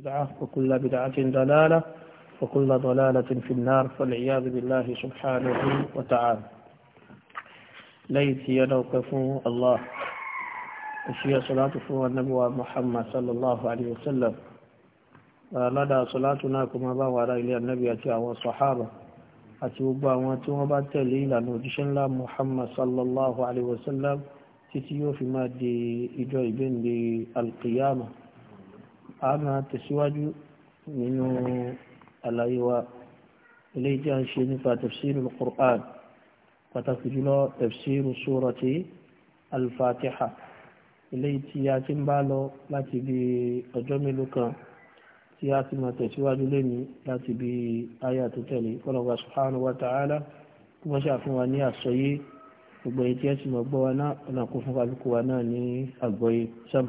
بدعة وكل بدعة ضلالة وكل ضلالة في النار فالعياذ بالله سبحانه وتعالى ليت ينوقف الله أشياء صلاة فوق النبي محمد صلى الله عليه وسلم لدى صلاتنا كما باوى إلى النبي أتي والصحابة أتوبا وبا وأتي وبا تلي محمد صلى الله عليه وسلم تتيو في مادي إجوي بين القيامة a máa tẹ̀síwájú nínú àlàyé wa eléyìí tí a ń ṣe nípa tafsir al-Qur'an pàtàkì jùlọ tafsir surati al-Fatiha eléyìí tí a ti ń bá lọ láti bí ọjọ́ mélòó kan tí a ti máa tẹ̀síwájú lónìí láti bí aya tó tẹ̀lé kọlọ́gbà subhanahu wa ta'ala kí wọ́n ṣàfihàn wa ní àsọyé gbogbo èyí tí ẹ sì mọ̀ gbọ́ wa náà ọ̀nà kó fún wa ní àgbọ́yé sẹ́mu.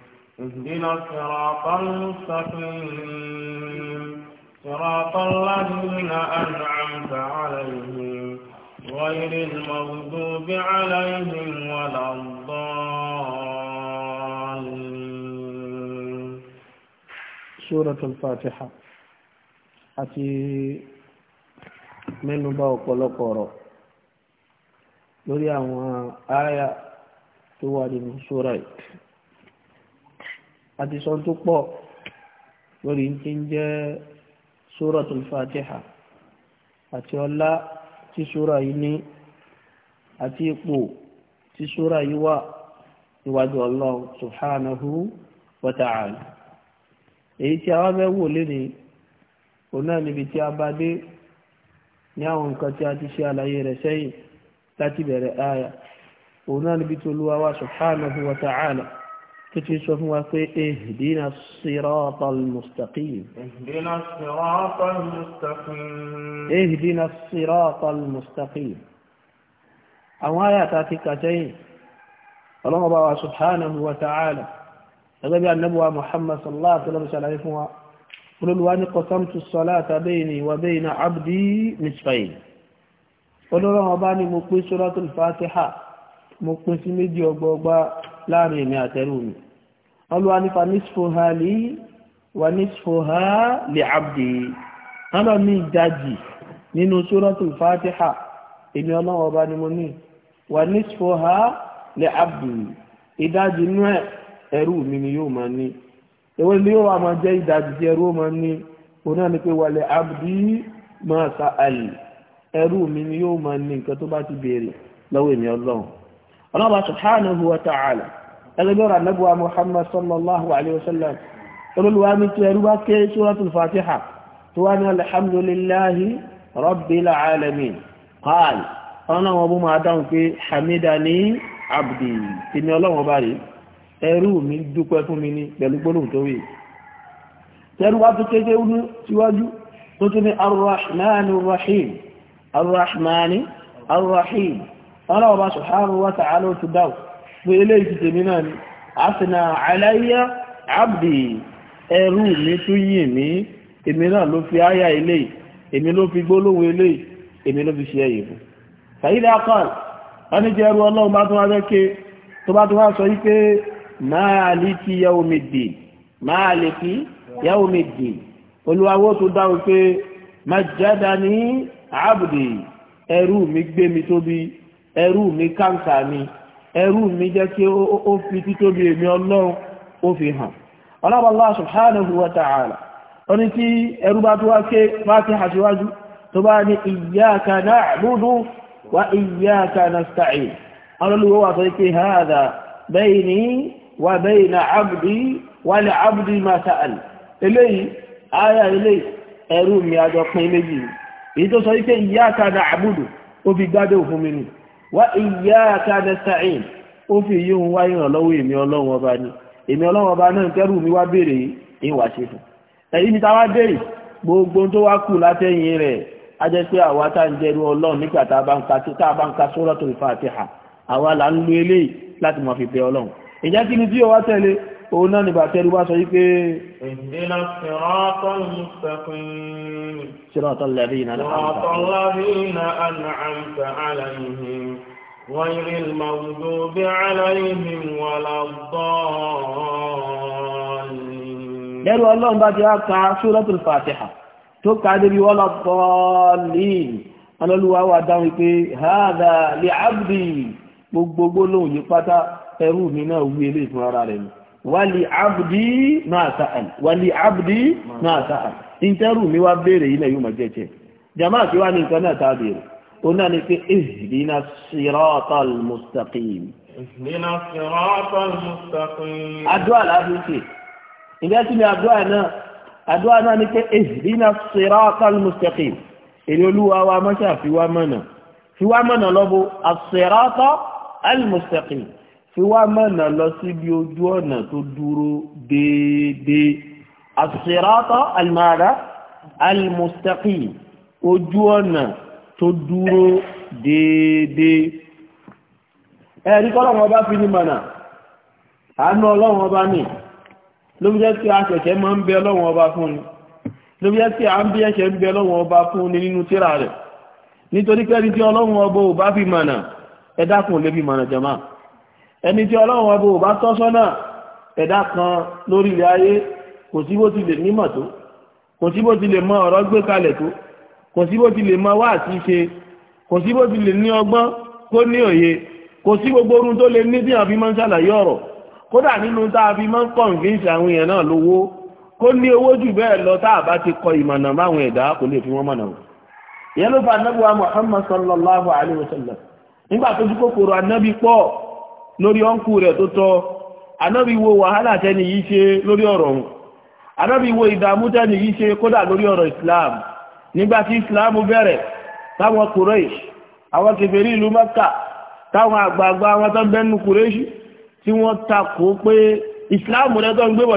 اهدنا الصراط المستقيم صراط الذين أنعمت عليهم غير المغضوب عليهم ولا الضالين سورة الفاتحة أتي من باوك ولقرأ lórí àwọn àyà tó wà nínú àti sọ tó pọ̀ lórí tí ń jẹ́ Suratul Fatiha àti ọlá tí sura yìí ní àti ipò tí sura yìí wà níwájú Allah subhanahu wa ta'ala èyí tí a wá fẹ́ wò lé ní òun níbi tí a bá dé ní àwọn nǹkan tí a ti ṣe àlàyé rẹ̀ sẹ́yìn láti bẹ̀rẹ̀ àyà òun níbi tí Olúwa wa subhanahu wa كتير شوف موافق اهدنا الصراط المستقيم اهدنا الصراط المستقيم اهدنا الصراط المستقيم àwọn àyà ta ti kà sẹ́yìn ọlọ́wọ́ bá wa subhanahu wa ta'ala ẹgbẹ́ bí annabuwa muhammad sallallahu alaihi wasallam ṣàlàyé fún wa olóluwa ni mo pín láàrin èmi àtẹ́rù mi ọlọ́wà nípa nísfòhá lè wà nísfòhá lè abdè hánà ní ìdájì nínú sórọ́tù fatiha èmi ọlọ́wọ́ ọba ni mo ní wà nísfòhá lè abdè ìdájì inú ẹ̀rù mi ni yóò máa ní ewé ni yóò wà máa jẹ́ ìdájì tí ẹrú máa ní òun náà ni pé wà lè abdè máa sa àlè ẹrú mi ni yóò máa ní nǹkan tó bá ti béèrè lọ́wọ́ èmi ọlọ́run Allah subhanahu wa ta'ala ẹgbẹ́gbẹ́ra nẹ́bùwa Muhammad sallallahu alaihi wasallam olúwa mi tí ẹrú bá ké suratul Fatiha tó wá ní alhamdulillahi rabbil alamin qal ọlọ́wọ́ bú máa dáhùn pé hamidani abdi ti ní ọlọ́wọ́ bá rí ẹrú mi dúpẹ́ fún mi ní pẹ̀lú gbólóhùn tó wí tẹ́rú wá tó kéde ní síwájú tó tún ní arrahmanu arrahmani arrahim ọlọ́ọ̀bá subhanahu wa ta'ala ti dáwò pé ilé ìtìtì mi náà ni na aláyá abdi ẹrù mi tún yìn mí náà ló fi áyà ilé èmi ló fi gbólóhùn ilé èmì ló fi ṣe ẹ̀yìn fún sàyídà akọ́l wọ́n ní ọlọ́run bá wá tó bá wá sọ wípé olùwàwó tó dáwò pé abdi ẹrù mi gbé ẹrú mi káǹkà mi ẹrú mi jẹ́ kí ó fi títóbi èmi ọlọ́run ó fi hàn wa ta'ala tí ẹrú bá tó wá ké Fátíhà na tó bá ní na na'budu wa iyyaka nasta'in ọlọ́lúwọ́ wà sọ pé wa abdi wa abdi ma sa'al eléyìí ayà eléyìí ẹrú mi àjọ pin méjì èyí tó sọ ó fi òfin mi wá iyyaka nasta'in ó fi yí wá ìrànlọ́wọ́ èmi ọlọ́run ọba ni èmi ọlọ́run ọba náà kẹ́rù mi wá béèrè ìwà ṣe fún èyí ni táwa béèrè gbogbo tó wá kù látẹ̀yìn rẹ̀ á jẹ́ pé àwa tá ń jẹrú ọlọ́run nígbà tá a bá ń ka tá a bá ń àwa fi be ọlọ́run ìjẹ́ kí ni o wá tẹ̀lé òun náà ni bàtẹ́rù bá sọ wípé ihdina siratal mustaqim siratal ladhina an'amta alayhim ghayril maghdubi alayhim waladdallin lẹ́rù ọlọ́run bá ti wá ka suratul fatiha tó ká débi waladdallin ọlọ́lúwa wà dáhùn pé hadha li abdi gbogbogbò lóhùn yí pátá ẹrú mi náà wú ilé ìfún rẹ̀ mi wàlì abdi máa sa'al wàlì abdi máa sa'al in tẹ́rù mi wá bèèrè ilẹ̀ yóò máa jẹ́jẹ́ jama kí wá ní nǹkan náà ta bèèrè o náà ni pé ihdina siratal mustaqim ihdina siratal mustaqim àdúrà láti ṣe ìgbẹ́ tí ni àdúrà náà àdúrà náà ni pé ihdina siratal mustaqim èrè olúwa wa mọ́ṣà fi wá mọ́nà fi wá mọ́nà lọ́bọ̀ as-sirata al-mustaqim fi wá mọ̀nà lọ síbi ojú ọ̀nà tó dúró déédéé as-sirata al-mada al-mustaqim ojú ọ̀nà tó dúró déédéé ẹ̀rí kọ́lọ́wọ́n bá fi ní mọ̀nà àánú ọlọ́wọ́n bá ní ló bí jẹ́ tí a ṣẹ̀ṣẹ̀ máa ń bẹ ọlọ́wọ́n bá fún ni ló tí a ń bí ẹ̀ṣẹ̀ ẹni tí ọlọ́run ọbọ̀ bá tọ́ sọ́nà ẹ̀dá kan lórí ilẹ̀ ayé kò sí bó ti lè nímọ̀ tó kò sí bó ti lè mọ ọ̀rọ̀ gbé kalẹ̀ tó kò sí bó ti lè mọ wáàsí ṣe kò sí bó ti lè ní ọgbọ́n kó ní òye kò sí gbogbo orun tó lè ní bí àfi máa ń ṣàlàyé ọ̀rọ̀ kódà nínú tá a fi máa ń kọ̀ǹfíǹsì àwọn èèyàn náà lówó kó ní owó jù bẹ́ẹ̀ lọ tá a bá ti kọ ìmọ̀nà máwọn ẹ̀dá kò lè fi wọ́n mọ̀nà wọn. ìyẹn ló fa anábìwá Muhammad sallallahu alayhi wa sallam nígbà tó dúkòkòrò anábì pọ̀ lórí ọ̀nkù rẹ̀ tó tọ́ anábì wo wàhálà tẹ́ni yìí ṣe lórí ọ̀rọ̀ ohun anábì wo ìdààmú tẹ́ni yìí ṣe kódà lórí ọ̀rọ̀ islam nígbà tí islam bẹ̀rẹ̀ táwọn kureish àwọn kèfèrí ìlú mẹ́kà táwọn àgbààgbà wọn tó bẹ́nu kureish tí wọ́n takò pé islam rẹ̀ tó ń gbogbo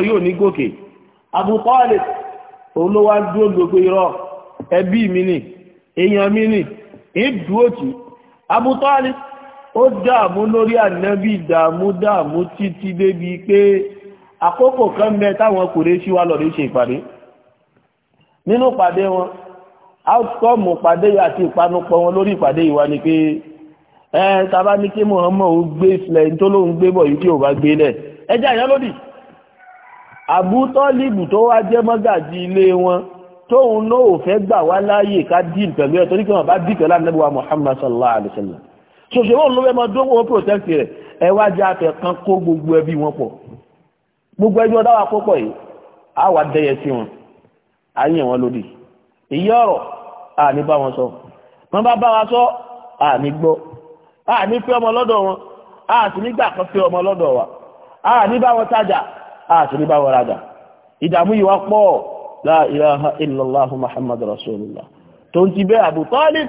irọ́ ẹbí mi ni èèyàn mi ni ó dààmú lórí ànábì dààmú dààmú títí débi pé àkókò kan bẹ táwọn Kùrẹ́ṣì wá lọ rí ṣe ìpàdé nínú ìpàdé wọn outcome ìpàdé yìí àti ìpanupọ̀ wọn lórí ìpàdé yìí wá ni pé ẹ tàbá ní kí Muhammad ó gbé ìfilẹ̀ tó lóun gbé bọ̀ yìí tí ò bá gbé lẹ̀ ẹjá ìyá lódì Abu tó wá jẹ́ mọ́gàjì ilé wọn tóun náà ò fẹ́ gbà wá láàyè ká dín pẹ̀lú ẹ̀ torí kí wọ́n bá dín pẹ̀lú ànábì wa Muhammad sallallahu alaihi wasallam ṣòṣèwò ló fẹ́ mọ dókòwò protect rẹ̀ ẹ wá jẹ́ afẹ́ kan kó gbogbo ẹbí wọn pọ̀ gbogbo ẹbí wọn dáwà púpọ̀ yìí á wà dẹyẹ sí wọn á yàn wọn lódì èyí ọ̀rọ̀ à ní bá wọn sọ wọn bá bá wa sọ à ní gbọ́ à ní fẹ́ ọmọ lọ́dọ̀ wọn à sì ní gbà kan fẹ́ ọmọ lọ́dọ̀ wa à ní bá wọn tajà à sì ní bá wọn rajà ìdààmú yìí wá pọ̀ la ilaha illallah muhammad rasulullah tó ń ti bẹ́ Abu Talib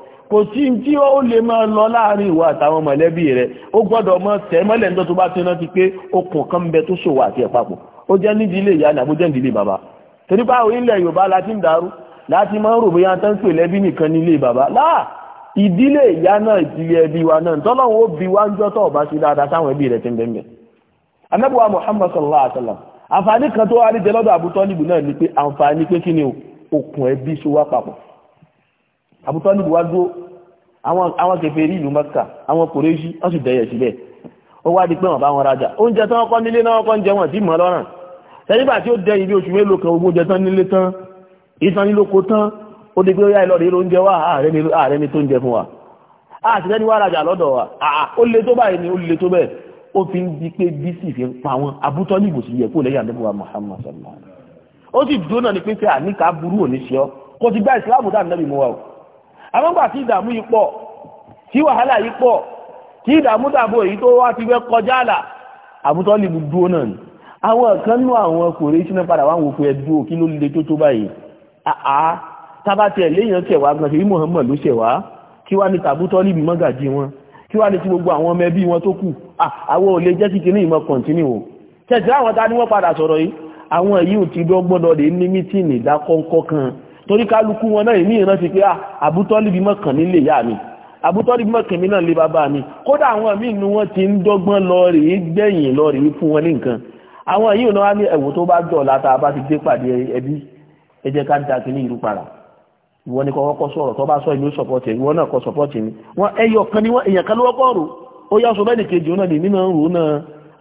kò tí ń tí ó lè máa lọ láàrin ìwà àtàwọn mọ̀lẹ́bí rẹ̀ ó gbọ́dọ̀ mọ́ tẹ̀ mọ́lẹ̀ ń tó bá ti rántí pé okùn kan ń bẹ tó ṣòwò àti ẹ̀pàpọ̀ ó jẹ́ nídìí ilé ìyá àbó jẹ́ nídìí ilé bàbá torí báwo ilẹ̀ Yorùbá láti ń dàrú láti máa ń rò bóyá tán pè lẹ́bí nìkan nílé bàbá láà ìdílé ìyá náà ìdílé ẹbí wa náà tọ́lọ́run ó bi wá ń jọ́ tọ́ ọ̀bá sí dáadáa sáwọn ẹbí rẹ̀ ti ń bẹ́ẹ̀ bẹ́ẹ̀ anábùwà Muhammad sallallahu alaihi wa sallam àǹfààní kan tó wá rí jẹ lọ́dọ̀ àbútọ́líbù náà ni pé àǹfààní pé kí ni okùn ẹbí so wá papọ̀ àbútọ́líbù wá dúró àwọn kẹfẹ́ rí ìlú mẹ́kà àwọn kòrèṣí wọ́n sì dẹ̀yẹ̀ síbẹ̀ ó wá di pé wọ́n bá wọn rajà oúnjẹ tán kọ́ nílé náà kọ́ ń jẹ wọ́n sí mọ́ lọ́rùn tẹ́lifà tí ó dẹ ibi oṣù mélòó kan ogún oúnjẹ tán nílé tán ìsan nílòkó tán ó di pé ó yá ìlọ́rẹ̀ oúnjẹ wá ààrẹ mi tó ń jẹ fún wa àtìlẹ́ ni wá rajà lọ́dọ̀ wa ó le tó báyìí ni ó le tó bẹ́ẹ̀ ó fi ń di pé bísì fi ń pa wọn àbútọ́líbù sí yẹ kó lẹ́yìn àdébùwà Muhammad sallallahu alaihi wasallam ó sì dúró náà ni pé pé àníkà burú òní ṣe ọ kò ti gba ìsìláàmù dáa nẹ́bì wa o àmọ́gbà tí ìdààmú yìí pọ̀ tí wàhálà yìí pọ̀ tí ìdààmú dàbò èyí tó wá ti fẹ́ kọjá àlà àbútọ́ lè dúró náà ni àwọn kan nú àwọn kòrè síná padà wá wòfò ẹ̀dú òkí ló le tó tó báyìí àá tábàtì ẹ̀léyàn tẹ̀wá gan ṣe Muhammad ló ṣẹ̀wá kí wá ní tàbútọ́ níbi mọ́gàjì wọn kí wá ní tí gbogbo àwọn ọmọ ẹbí wọn tó kù àwọn ò lè jẹ́ sí ìmọ̀ kọ̀ǹtínì o tẹ̀sí àwọn ta ni wọ́n padà sọ̀rọ̀ yìí àwọn yìí ò ti dọ́gbọ́dọ̀ lè ní mítìnì torí kálukú wọn náà ìmí ìrántí pé àbútọ́líbi ah, mọ́kàn nílé ìyá mi àbútọ́líbi mọ́kàn mi náà lé bàbá mi kódà àwọn míì nu wọn ti ń dọ́gbọ́n lọ rèé gbẹ̀yìn lọ rèé fún wọn ní nǹkan àwọn yìí náà wá ní ẹ̀wò tó bá dọ̀la tá a bá ti dé pàdé ẹbí ẹ jẹ́ ká ń ta kí ní ìlú para ìwọ ni kọ́kọ́ sọ̀rọ̀ tó bá sọ ìlú sọ̀pọ̀tì ìwọ náà kọ́ sọ̀pọ̀tì ni wọ́n ẹyọ kan ni wọ́n èèyàn kan lọ́kọ́ rò ó yá sọ bẹ́ẹ̀ni kejì náà nínú rò náà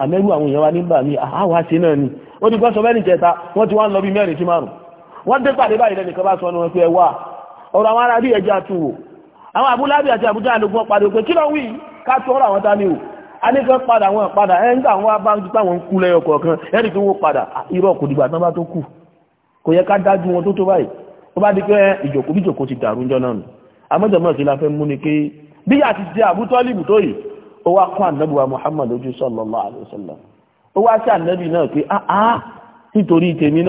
àmẹ́rù àwọn èèyàn wa nígbà mi àwa ṣe náà ni ó ti gbọ́ sọ bẹ́ẹ̀ni kẹta wọ́n ti wá ń lọ bí mẹ́rin sí márùn wọ́n dé pàdé báyìí lẹ́nìkan bá sọ ọ́nà wọn pé ẹ wà ọ̀rọ̀ àwọn ará bí ẹja tù wò àwọn àbúlábì àti àbújá àlùkùn pàdé pé kí ló wí ká tó ọ̀rọ̀ àwọn tání o anìkan padà wọn padà ẹ ń gbà wọn bá ń gbà wọn kú lẹ́yọ kọ̀ọ̀kan ẹnì kí wọ́n padà irọ́ kò dìgbà tán bá tó kù kò yẹ ká dájú wọn tó tó báyìí ó bá di pé ìjòkó bí ìjòkó la fẹ́ mú ni pé bí yà ti jẹ́ àbútọ́lìbù tó yìí sallallahu alaihi wasallam ó wá sí ànábì náà pé áá ah, ah, nítorí tèmi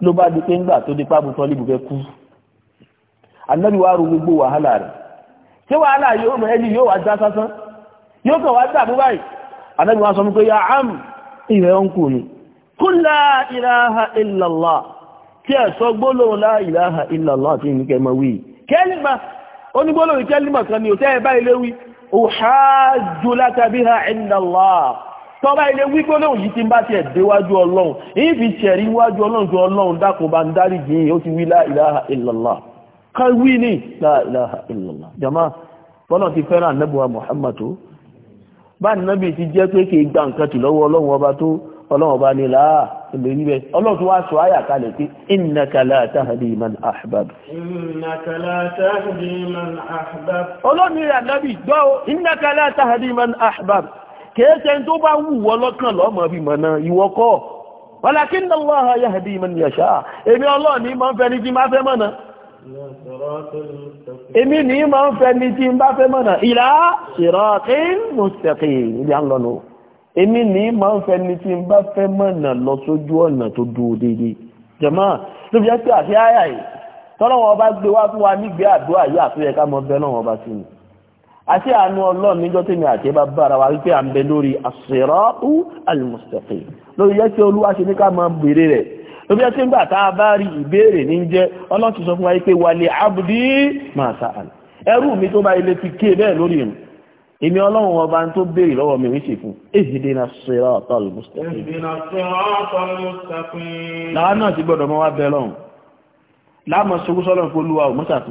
ló bá di pé ńgbà tó di pábù tọ́líbù fẹ́ kú ànábì wa ru gbogbo wàhálà rẹ̀ ṣé wàhálà yóò mọ ẹni yóò wá dá sásán yóò kàn wá dàbí sọ ya am ìrẹ̀ ọ̀nkù ni kul la ilaha illallah ẹ̀ sọ la ilaha illallah àti ìníkẹ́ mọ́ wí kẹ́lìmà onígbólóhùn kẹ́lìmà kan ni ò tẹ́ ẹ báyìí tọba ilé wípé olóhùn yìí ti bá tiẹ̀ déwájú ọlọ́run èyí fi tẹ̀rí wájú ọlọ́run ju ilaha illallah ní ilaha illallah jama bọ́lá ti fẹ́ràn anábùwà muhammadu bá nábì ti jẹ́ pé kì í gba nǹkan tì lọ́wọ́ ọlọ́run ọba tó ọba ní láà ilé ọlọ́run tó wá sọ kalẹ̀ pé man ahbab. kèéṣe tó bá wù wọ́ lọ́kàn lọ́mọ bí mọ̀nà ìwọ kọ́ walakinna Allaha yahdi man yasha èmi ọlọ́ọ̀ ní máa ń fẹ́ ní tí máa fẹ́ mọ̀nà èmi ní máa ń fẹ́ ní tí ń lọ́nu fẹ́ mọ̀nà lọ sójú ọ̀nà tó dúró déédéé jẹ̀mọ́ tó fi jẹ́ pé àti àyà yìí tọ́lọ́wọ́n ọba gbé wá fún wa nígbé àdúrà yìí àtúnyẹ̀ká mọ́ bẹ́ẹ̀ náà wọ́n ọba sí ni àti àánú ọlọ́run níjọ́ tí mi àti bá bára wa wípé à ń bẹ lórí as-siratu al-mustaqim lórí yẹ́ tí olúwa ṣe ní ká máa bèèrè rẹ̀ lórí yẹ́ tí ń gbà tá a bá rí ìbéèrè ní jẹ́ ọlọ́run sọ fún wa wípé wa li abdi ma sa'al ẹrú mi tó bá ilé ti ké bẹ́ẹ̀ lórí rẹ̀ èmi ọlọ́run ọba tó béèrè lọ́wọ́ mi rí ṣe fún ihdina as-sirata al-mustaqim láwọn náà ti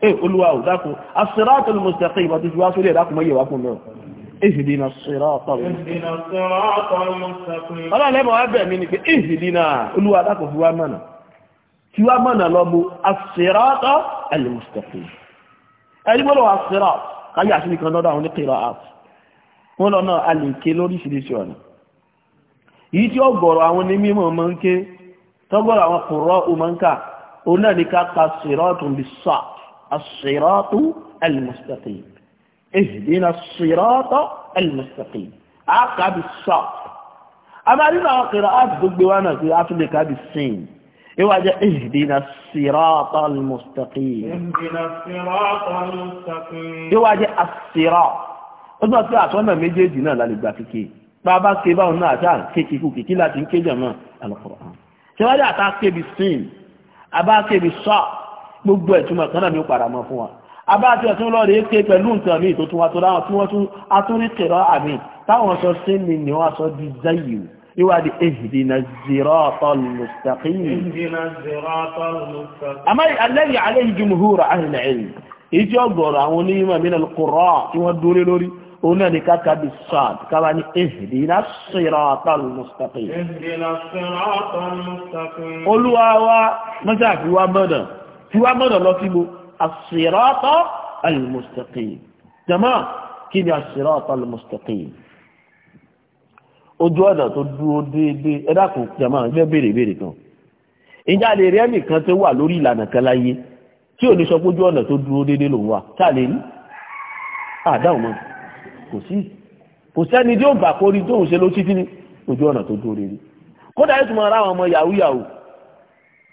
ẹ eh, olúwa ò dákun as-sirātal mustaqīm àti ìwá sórí ẹ̀dákun mọ́ yẹ̀wá fún náà ìhìdínà sirātal mustaqīm ọlọ́lẹ́mọ̀ ẹbẹ̀ mi ni pé ìhìdínà olúwa dákun fi wá mọ̀nà tí wá mọ̀nà lọ́mú as-sirātal mustaqīm ẹni gbọ́dọ̀ as-sirāt káyà sí nìkan lọ́dọ̀ àwọn oníkèrọ̀ àt wọ́n lọ́nà alèké lóríṣiríṣi ọ̀nà yìí kùrọ̀ òmọ̀ǹkà òun náà ní ká ka sirātun bis-sāq الصراط المستقيم اهدنا الصراط المستقيم عقب الصاد اما لنا قراءات دبوانا في افلك هذه السين يواجه اهدنا الصراط المستقيم اهدنا الصراط المستقيم يواجه الصراط ọdún àti àtọ́nà méjèèjì náà lálẹ́gbà kéèké bá bá ké báwọn náà àtà kéèké kìkì kéèké láti ń kéjọ náà alùpùpù ṣe àtà kébi sin àbá kébi sọ́ọ̀ gbogbo ẹ̀túnmọ̀ kan náà ni ó padà mọ́ fún wa abáàtí ọ̀tún lọ́rẹ̀ é ké pẹ̀lú nǹkan mi tó tún wa tó dáwọn tí wọ́n tún atúnrìkìrọ́ àmì táwọn sọ sí ni ni wọ́n sọ di zayiu ìwádìí ihdina siratal mustaqim àmọ́ alladhi alayhi jumhur ahli al-ilm ìjọ ọgọ̀rọ̀ àwọn onímọ̀ min al-qurra tí wọ́n dúró lórí òun náà káka bí sáàd kábà ní ihdina siratal mustaqim olúwa wa mọ́sáàfíwá mọ́dàn tí wá mọ́nà lọ síbo as-sirata al-mustaqim jama kí ni as-sirata al-mustaqim ojú ọ̀nà tó dúró déédéé ẹ dákun jama ẹ fẹ́ béèrè béèrè kan ìjà lè rí ẹnìkan tó wà lórí ìlànà kan láyé tí ò ní sọ pé ojú ọ̀nà tó dúró déédéé lòun wà tá a lè rí àdáhùn mọ́ kò sí kò sẹ́ni tí ó gbà kórí tóun ṣe ló títí ní ojú ọ̀nà tó dúró déédéé kódà yóò tún máa ra àwọn ọmọ yahoo yahoo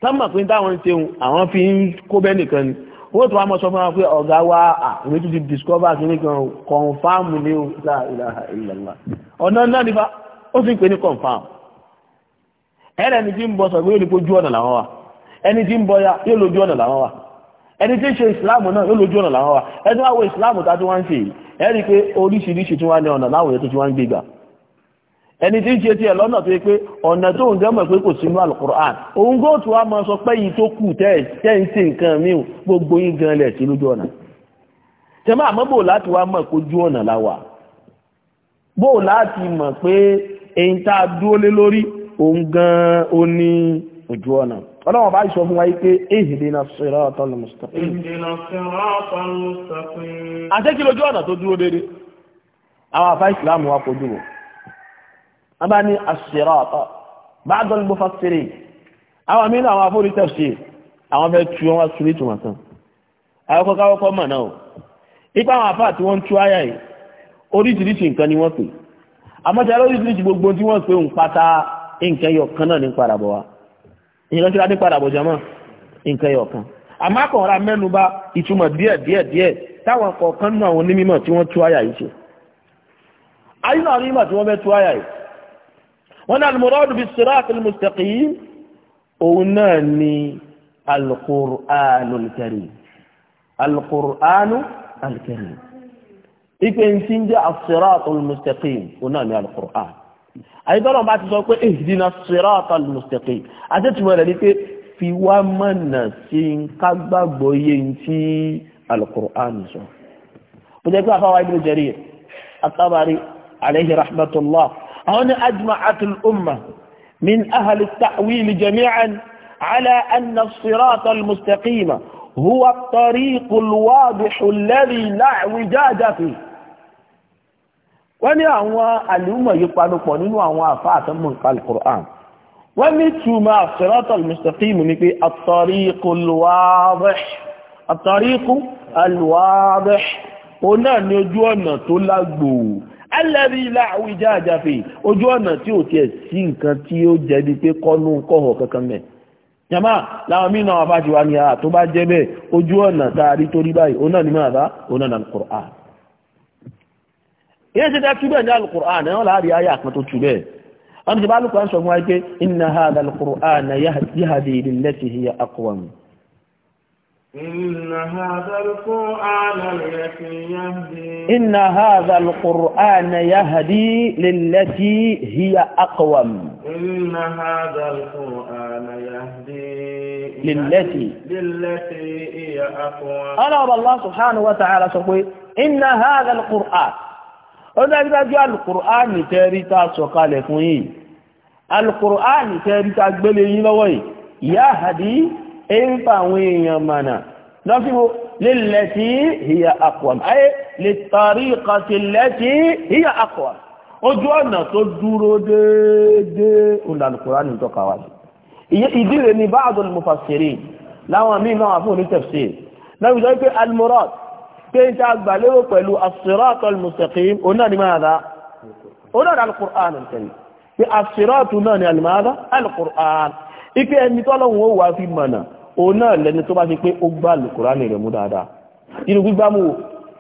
sánmà pé táwọn ń teun àwọn fi ń kó bẹ́ nìkan ni owó tó wá mọ́ sọ fún wa pé ọ̀gá wa àmì tó ti discover kìíní kan confam ní o la ilaha illallah ọ̀nà náà nípa ó sì ń pè ní confam ẹ̀rẹ̀ ẹni tí ń bọ sọ̀gbọ́n yóò lè pójú ọ̀nà làwọn wa ẹni tí ń bọ ya yóò lójú ọ̀nà làwọn wa ẹni tí ń ṣe ìsìláàmù náà yóò lójú ọ̀nà làwọn wa ẹni tí wọ́n á wo ìsìláàmù tá a ti wá ń ṣe yìí ẹ̀rí pé oríṣiríṣi tí wọ́n á ní ọ̀nà láwùjọ tó ti wá ń gbégbà ẹni tí ń ṣe tí ẹ lọ́nà tó yẹ pé ọ̀nà tó ń gẹ́mọ̀ pé kò sínú alukur'an òun gó tó wá máa sọ pé yìí tó kù tẹ́ ẹ̀ ń ṣe nǹkan míì gbogbo yín gan lẹ̀ sí lójú ọ̀nà tẹ́mọ́ àmọ́bò láti wá mọ̀ kó ju ọ̀nà láwà bó láti mọ̀ pé èyí tá a dúró lé lórí òun gan ó ní ojú ọ̀nà ọlọ́wọ́n bá sọ fún wa yìí pé ihdina siratal mustaqim àtẹ́kí lójú àwọn àfáà ìsìlámù wa kojú wọn abá ní as-sirata ba'd al-mufassirin àwọn mìíràn àwọn afọ́rí tafsir àwọn fẹ́ tu wọn sórí ìtumọ̀ tán àwọn kọ́kọ́ mọ̀ ipa àwọn afá tí wọ́n ń tú àyà yìí oríṣiríṣi nǹkan ni wọ́n pè àmọ́ṣẹ́ oríṣiríṣi gbogbo tí wọ́n pè ń pátá nǹkan yọ̀ kan náà ní padàbọ̀ wa nǹkan tí wọ́n ní padàbọ̀ jẹ́mọ́ nǹkan yọ̀ kan àmọ́ akọ̀ọ̀rá mẹ́nuba ìtumọ̀ díẹ̀ díẹ̀ díẹ̀ táwọn kọ̀ọ̀kan náà àwọn onímọ̀ tí wọ́n tú àyà yìí ṣe ayé náà onímọ̀ tí wọ́n fẹ́ tú àyà yìí wọ́n ní al-muradu bis-sirati al-mustaqim òun náà ni al-Qur'anul Karim al-Qur'anul Karim ipe ń ti ń jẹ́ as-sirati al-mustaqim òun náà ni al-Qur'an àyíkọ́nà bá ti sọ pé ihdina as-sirati al-mustaqim rẹ̀ ni pé fi wá mọ̀nà sí ká gbàgbọ́ yé ti al-Qur'an sọ. ó jẹ́ pé àfáwá هنا أجمعت الأمة من أهل التأويل جميعا على أن الصراط المستقيم هو الطريق الواضح الذي لا اعوجاج فيه wọ́n ní àwọn àlùmọ̀ yìí panupọ̀ nínú àwọn àfá àtọ́mọ̀ nǹkan al-Qur'an wọ́n ní túmọ̀ as-sirat al-mustaqim ní pé at-tariqu al-wadih at-tariqu al-wadih òun náà ni ojú ọ̀nà tó lágbòó alẹ́rí ilá àwùjá àjàfè ojú ọ̀nà tí ò tiẹ̀ sí nǹkan tí ó jẹ́ di pé kọ́nú kọ́họ̀ kankan mẹ́ jama láwọn mí náà bá ti wá ní ara tó bá jẹ́ bẹ́ẹ̀ ojú ọ̀nà tá a rí torí báyìí ó náà ní máa bá ó náà ní Qur'an yẹn ti dá túbẹ̀ ní al-Qur'an ẹ̀wọ̀n láàrin ayé àpọn tó túbẹ̀ wọ́n ti bá lùkọ́ sọ fún wa pé inna hadha al-Qur'an إن هذا القرآن الذي يهدي إن هذا القرآن يهدي للتي هي أقوم إن هذا القرآن يهدي للتي للتي هي أقوم أنا الله سبحانه وتعالى سقوي إن هذا القرآن أنا àgbájá القرآن tẹ́ríta sọ̀kalẹ̀ fún القرآن alùkùránì tẹ́ríta gbélé yìí ń fa àwọn èèyàn mọ̀nà lọ́síwò lílẹ̀ tí hìyà àkọ̀m ayé lè tàrí ìkàtílẹ̀ tí hìyà àkọ̀m ojú ọ̀nà tó dúró déédéé ìlànàkùránì tọ́ka wá sí ìdíre ni báàdùn mufassiri láwọn míì náà fún ni máa dá ike ẹni tọ́lọ́hun ó wà fi mọ̀nà òun náà lẹni tó bá ṣe pé ó gbà lùkùránì rẹ̀ mú dáadáa inú gbígbámú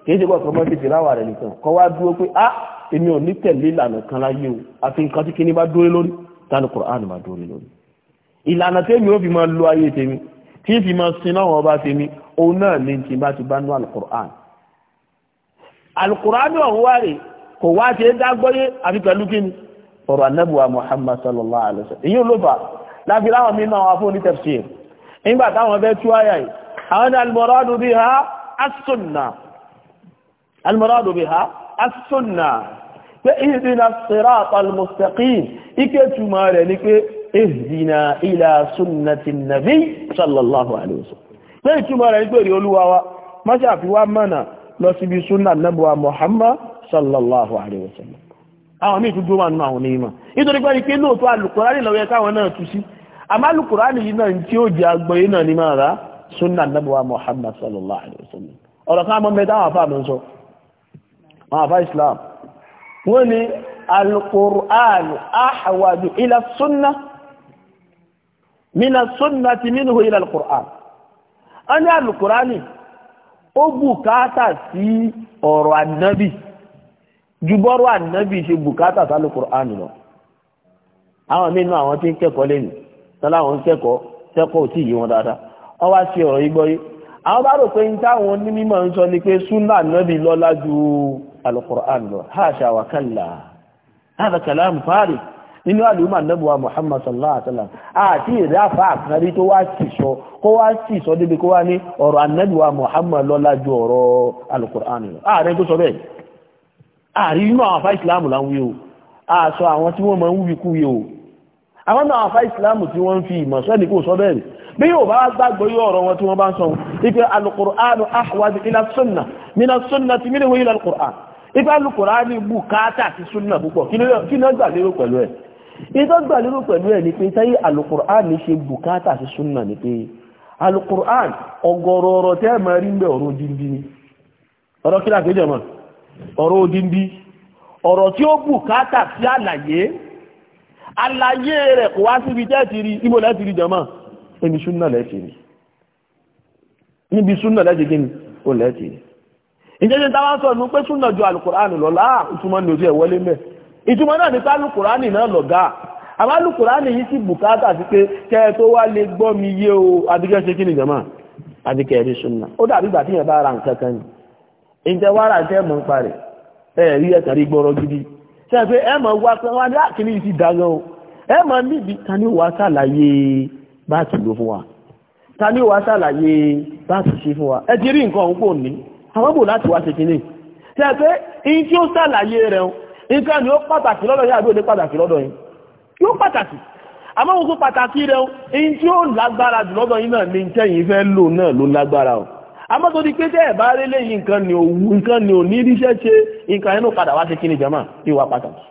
kìí ṣe gbọ́kọ̀ mọ́sí ti láwà rẹ̀ nìkan kọ́ wá dúró pé á ah, èmi ò ní tẹ̀lé ìlànà kan láyé o àfi nǹkan tí kíní bá dúró lórí tánù kùránì bá dúró lórí ìlànà tèmi ó fi máa lo ayé tèmi tí fi máa sin náà wọn bá tèmi òun náà ní ti bá ti bá nú alukùránì alukùránì ọ̀hún wá rè kò wá ṣe é dágbọ́yé àfi pẹ̀lú kíni ọ̀rọ̀ anábùwà Muhammad sallallahu alayhi wa sallam èyí láti láwọn mínú àwọn afún onítẹ̀fṣì nígbà táwọn fẹ́ tú àyà yìí àwọn ní alìmọ̀rọ́dù bí ha asùnà alìmọ̀rọ́dù bí ha asùnà pé ìdínà síràtà almustaqim ike túmọ̀ rẹ̀ ni pé ìdínà ilà sunnati nabi sallallahu alaihi wasallam pé ìtumọ̀ rẹ̀ ni pé rí olúwa wa mọ́ṣà fi wá mọ́nà lọ síbi sunna nabuwa muhammad sallallahu amálùkùránì yìí náà tí ó jẹ́ agbóyé náà ní máa rá súnà nàbíwá Muhammad sallallahu alaihi wasallam ọ̀rọ̀ kan mọ́ mẹ́ta wà fáà mọ́ sọ àfá Islam wọ́n ni alkùránì ahwaju ila súnà mina súnà ti minhu ila alkùránì a ní alkùránì ó bùkátà sí ọ̀rọ̀ annabi ju bọ́rọ̀ annabi ṣe bùkátà sí alkùránì lọ àwọn mínú àwọn tí ń kẹ́kọ̀ọ́ lẹ́yìn tọ́láwọn kẹ́kọ̀ọ́ kẹ́kọ̀ọ́ ò tí ì yé wọn dáadáa wọ́n wá sí ọ̀rọ̀ igbó yìí àwọn bá rò pé ní táwọn onímọ̀ ń sọ ni pé súnà nábì lọ́lá ju alukur'an lọ haṣa wa kalla hada kalam fari nínú àlùmọ̀ anábùwà muhammad sallallahu alaihi inú àwọn afá ìsìlámù láwọn àṣọ àwọn tí wọ́n máa ń wíkú wí àwọn náà àfá ìsìláàmù tí wọ́n ń fi ìmọ̀ sẹ́ni kò sọ bẹ́ẹ̀ bí yóò bá gbàgbọ́ yóò ọ̀rọ̀ wọn tí wọ́n bá ń sọ ipe alukur'anu ahwadu ila sunna mina sunna ti mílíwò ila alukur'an ipe alukur'an ní bùkátà ti sunna púpọ̀ kí ló gbà lérò pẹ̀lú ẹ̀ ìtọ́ gbà lérò pẹ̀lú ẹ̀ ni pé táyé alukur'an ṣe bùkátà ti sunna ni pé alukur'an ọgọ̀rọ̀ ọ̀rọ̀ tẹ́ máa rí mbẹ́ ọ̀rọ̀ odindi ni ọ̀rọ̀ kí ọ̀rọ̀ odindi sí àlàyé rẹ̀ kò wá síbi tẹ́ ti rí ibo lẹ́ rí jọmọ́ ẹni súnà lẹ́ rí níbi súnà lẹ́ gíní ó lẹ́ rí ìjẹ́jẹ́ táwa sọ ní pé ju alukurani lọ láà ìtumọ̀ ní ojú mẹ́ ìtumọ̀ náà ní alukurani náà lọ̀gá àwọn yìí sì bùkátà sí pé mi yé o adìgẹ́ kí ni jọmọ́ adìgẹ́ rí súnà ó dàbí ìgbà tí yẹn bá ra nǹkan kan ni ìjẹ́ mọ̀ ṣe pé ẹ mọ̀ wá pé wọ́n á kìíní ah, ti dàgbà o ẹ mọ̀ níbi ta ni wàá ṣàlàyé bá ti lò fún wa ta ni wàá ṣàlàyé bá ti ṣe fún wa ẹ ti rí nǹkan òun kò ní àwọn bò láti wá ṣe kìíní ṣe pé in tí ó ṣàlàyé rẹ̀ o nǹkan ni ó pàtàkì lọ́dọ̀ yàgbé òde pàtàkì lọ́dọ̀ yìí yóò pàtàkì àmọ́ òun kó pàtàkì rẹ̀ o in tí ó lágbára jù lọ́dọ̀ yìí náà ni tẹ́yìn fẹ́ lò náà ló lágbára o àmọ́ tó di pé tẹ́ ẹ̀ bá rí nǹkan ni òwú nǹkan ni ò ní ríṣẹ́ ṣe nǹkan ẹnu padà wá sí kíni jama ìwà pàtàkì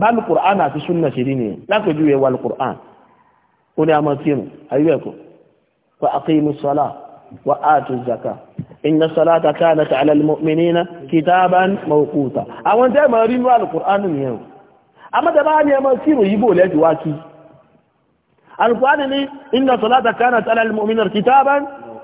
bá lu Qur'an àti súnà ṣe rí nìyẹn lápẹjú ẹ wà lu ó ní àmọ́ kírun ayé ẹ̀kọ́ wa aqimu sala wa atu zaka inna salata kanat ala almu'minina kitaban mawquta àwọn tẹ́ máa rí nínú alukur'an nìyẹn o àmọ́ tẹ́ bá ní ẹ máa kírun yìí bò lẹ́jọ́ wá kí alukur'an ní inna salata kanat ala almu'minina kitaban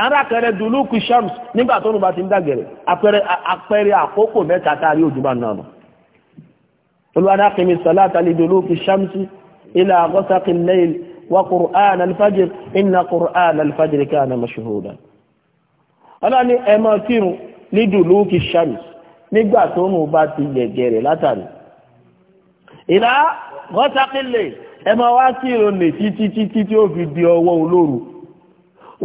ara kẹrẹ dùlú kù shams nígbà tó nùbà ti ń dàgẹ̀rẹ̀ apẹrẹ àkókò mẹ́ta tààrí òjúbà náà nù olùwádàkìmí sọ́látà lè dùlú kù shamsi ilà àgọ́sàkì lẹ́yìn wa qur'an alfajir inna qur'an alfajir kana mashhuda ọlọ́ni ẹmọ kírun ní dùlú kù shams nígbà tó nùbà ti dẹ̀gẹ̀rẹ̀ látàrí ilà àgọ́sàkì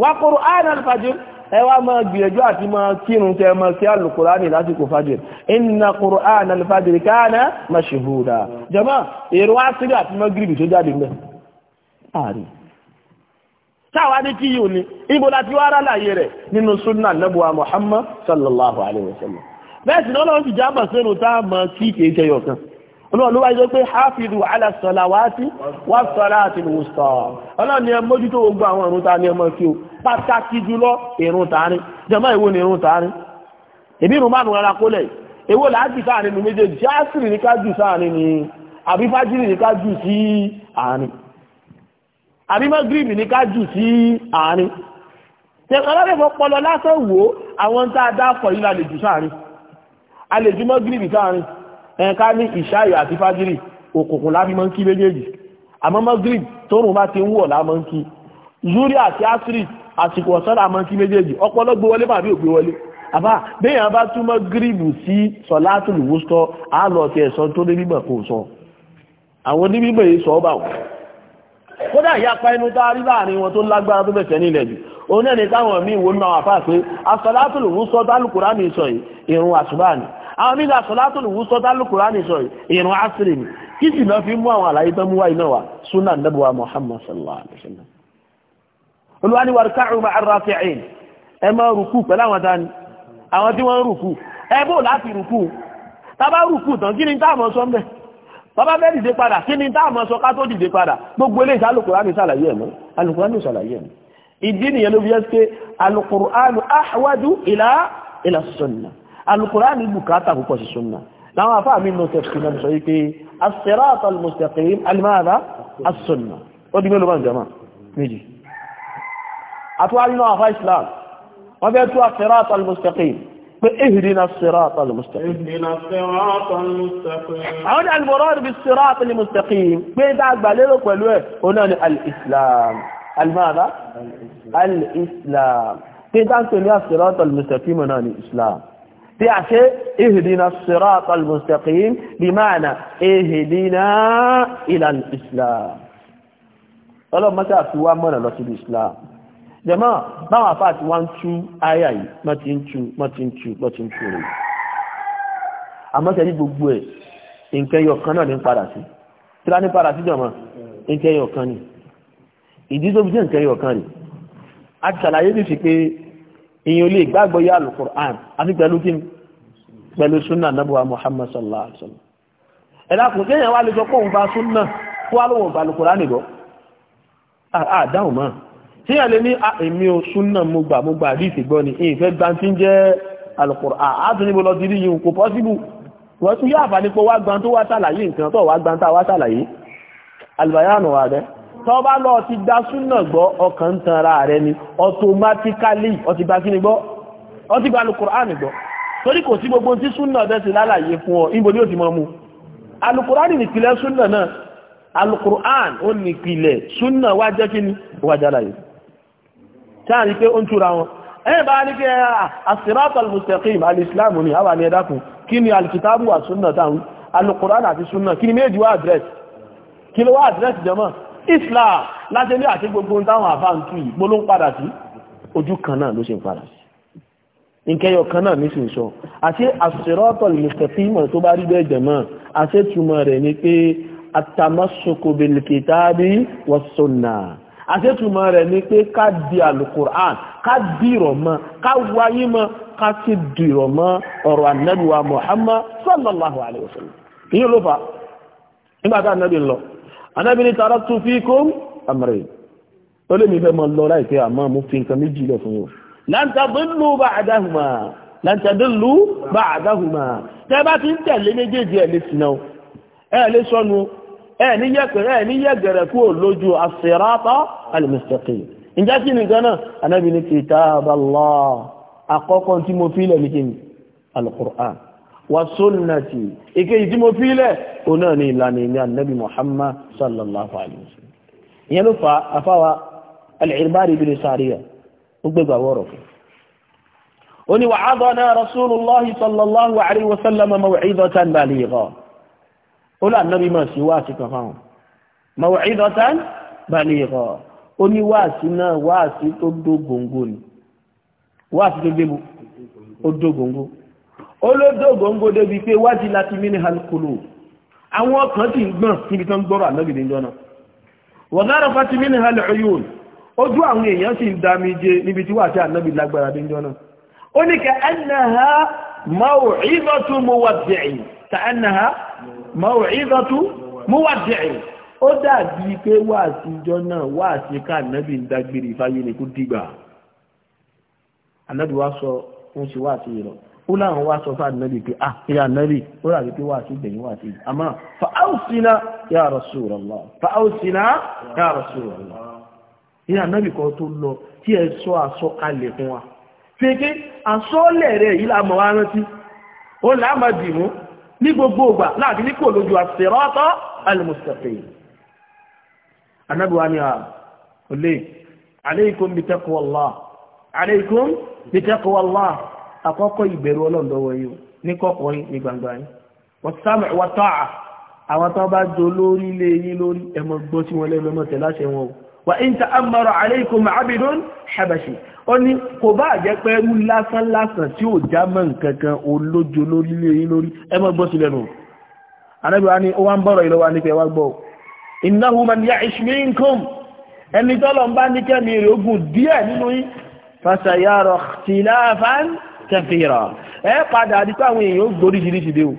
wá Qur'an al-fajr ẹ wá máa gbìyànjú àti máa kírun tẹ máa kí al-Qur'ani lásìkò fajr inna Qur'an al-fajr kana mashhuda jàmáà èrò àṣírí àti magribi tó jáde mẹ́ ààrí táwa ní kí yíò ní ibo láti wá rá láyé rẹ̀ nínú súnà nabuwa Muhammad sallallahu alaihi wasallam bẹ́ẹ̀ sì lọ́lọ́run ti jábà sínú tá a máa kí kèé jẹyọ kan olóòlù wáyé tó pé hafidu ala salawati wà salati al-wusta ọlọ́ni ẹ mójútó gbogbo àwọn ìrun ta ni ẹ máa kí o pàtàkì jùlọ ìrun tààrin jàmá ìwo ni ìrun tààrin ìbí ìrun márùn ara kólẹ̀ èwo láti sáàrin nu méjèèjì jásìrì ní ká jù sáàrin ni àbí fájìrì ní ká jù sí àárín àbí mọ́gírìbì ní ká jù sí àárín tẹ̀kọ́lọ́rẹ̀fọ́ pọlọ lásán wò àwọn tá a dá pọ̀ yìí la lè jù sáàrin a lè jù mọ́gírìbì sáàrin ẹ̀ka ní ìṣáyọ̀ àti fájírì òkùnkùn láti máa ń kí méjèèjì àmọ́ magrib tóòrùn bá ti ń wọ̀ láà máa ń kí zuri àti asiri àsìkò ọ̀sán láà máa ń kí méjèèjì ọ̀pọ̀lọ́ gbé wọlé bàbí ògbé wọlé àbá béèyàn bá tún magrib sí sọ̀látùl wústọ̀ á ni táwọn míì wo nínú àwọn àfáà pé asọ̀látùl wústọ̀ tálùkùrá mi sọ yìí ìrun ni àwọn nílà sọ́látò lè wúsọ́ tálùkùrá ní sọ ìrùn asìrì ni kí sì lọ fi mú àwọn àlàyé tán mú wá iná wa súnà nẹ́bùwà Muhammad sallallahu alaihi wasallam olúwa ni warka'u ma'a ar-rafi'in ẹ máa rùkú pẹ̀lú àwọn tani àwọn tí wọ́n ń rùkú ẹ bó láti rùkú tábà rùkú tán kí ni táàmù sọ mbẹ bàbá bẹ́ẹ̀ dìde padà kí ni táàmù sọ ká tó dìde padà alukurani bukata púpọ̀ sí súnmọ̀ láwọn afá mi nọ tẹ̀sí náà sọ wípé asirata almustaqim alimáàdá asunna ó di mélòó bá ń jama méjì àtúwárí náà afá islam wọ́n fẹ́ tó asirata almustaqim pé ihdina asirata almustaqim àwọn almurad bi asirata almustaqim pé dágbà lérò pẹ̀lú alislam alimáàdá alislam pé dáńtò ní asirata almustaqim náà islam tí a ṣe ihdina siratal mustaqim bí máa na ihdina ilal islam ọlọ́mọ́sá fi wá mọ́nà lọ sí islam jẹmọ́ báwọn afá ti wá ń tú ayà yìí mọ́tí ń tú mọ́tí ń tú mọ́tí ń tú rẹ̀ àmọ́sẹ̀ ní gbogbo ẹ̀ nǹkan yọ kan náà ní padà èèyàn lè gbàgbọ́ yá alukur'an àti pẹ̀lú kí pẹ̀lú súnà nàbùwà muhammad sallallahu alaihi wasallam ẹ̀dá kò kéèyàn wá lè sọ pé òun bá súnà kó wá lóun bá alukur'an nìgbọ́ àdáhùn mọ́ tíyàn lè ní èmi ò súnà mo gbà mo gbà àdìsí gbọ́ ni ìfẹ́ gbanti jẹ́ alukur'an àtúnyí mo lọ ti rí yìí kò pọ́síbù wọ́n tún yá àfànípọ̀ wá gbantó wá sàlàyé nǹkan tó wá gbantá wá sàlàyé albayanu wa dẹ́ tó bá lọ ti dá súnà gbọ́ ọkàn ń tanra rẹ ni automatically ọti gba kíni gbọ́ ọti gba alukur'an gbọ́ torí kò sí gbogbo tí súnà bẹ́ẹ̀ sì lálàyé fún ọ níbo ni ó ti mọ́ mu alukur'an nìpìlẹ̀ súnà náà alukur'an ó nìpìlẹ̀ súnà wá jẹ́ kíni wá jálàyé sáà ní ah, ni àwọn àmì ẹ̀dàkùn kí ni alkitabu wa súnà táwọn alukur'an àti súnà kí ni méjì wá àdírẹ́sì kí Islam láti ilé àti gbogbo táwọn àfá ń tú ìgbó ló ń padà sí ojú kan náà ló ṣe ń padà sí nkẹyọ kan náà ní sìn sọ àti àṣìrọ́tọ̀ lìmọ̀tẹ́fímọ̀ tó bá rí bẹ́ẹ̀ jẹ̀mọ́ àṣẹ́túmọ̀ rẹ̀ ni pé atamasuku bil kitabi was sunnah àṣẹ́túmọ̀ rẹ̀ ni pé ká di alukur'an ká dìrọ̀ mọ́ ká wáyé mọ́ Muhammad sallallahu alayhi wa sallam ìyẹn ló fà nígbà tá lọ anábìnrin taraktu fikum amrayn ó lè mi fẹ́ mọ lọ láìpẹ́ àmọ́ mo fi nǹkan méjì lọ fún yín lan tadillu ba'dahuma lan tadillu ba'dahuma tẹ́ bá ti ń tẹ̀lé méjèèjì ẹ̀ lè sinà o ẹ̀ lè sọnù ẹ̀ ní yẹ̀gẹ̀rẹ̀ kú ò lójú as-sirata al-mustaqim ìjà kí nìkan náà àkọ́kọ́ tí mo fi lẹ̀ wasunnati ike yìí tí mo fi lẹ̀ o náà ni ìlànà ìní annabi muhammad sallallahu alaihi wasallam ìyẹn ló fa afáwa al'irbari bin sariya ó gbégbà wọ́rọ̀ fún ó ní wa'adana rasulullahi sallallahu alaihi wasallam o góńgó débi pé wájú láti mí ní mini àwọn kan ti ń gbọ̀n níbi tó ń gbọ́rọ̀ ànábìdì jọ́nà wọ̀gára fati mí ní alẹ́ọ̀yún ojú àwọn èèyàn sì ń dami jẹ níbi tí wà lagbara ànábì lágbára o ni ó ní kẹ ẹnàhà máwò ìdọ́tún mo ó dàbí pé wà sí wà sí ká ó láwọn wá sọ fún ànábì pé ah ìyá ànábì ó rà wípé wà sí ìgbẹ̀yìn wà sí ìgbẹ̀yìn àmọ́ fa'áùsíná ya Rasulullah fa'áùsíná ya Rasulullah ìyá ànábì kan tó lọ tí ẹ sọ àsọkalẹ̀ fún wa fèké àsọlẹ̀ rẹ̀ yìí láàmọ̀ wá rántí ó láàmọ̀ dì mú ní gbogbo ògbà láti ní kò lójú àsirata al-mustaqim wa ni a ah, olè alaykum bi taqwa àkọ́kọ́ ìbẹ̀rù ọlọ́run lọ́wọ́ yìí o ní kọ̀kọ̀ yín ní gbangba yín wọ́tàmù wọ́tàà àwọn tó bá do lórí lé yín lórí ẹ máa gbọ́ sí wọn lẹ́nu ẹ máa tẹ̀ láṣẹ wọn o wà ń ta amara aleikum abidun habashi ó ní kò bá jẹ́ pé ẹrú lásán tí ò já mọ́ nǹkan kan olójo lórí lé yín lórí ẹ gbọ́ sí lẹ́nu o ẹni tọ́lọ̀ ń bá ní kẹ́mi rẹ̀ díẹ̀ nínú yín fasayara ikhtilafan kẹfìrà ẹ padà àdìsí àwọn èèyàn ó gbórí jìrìsì dé o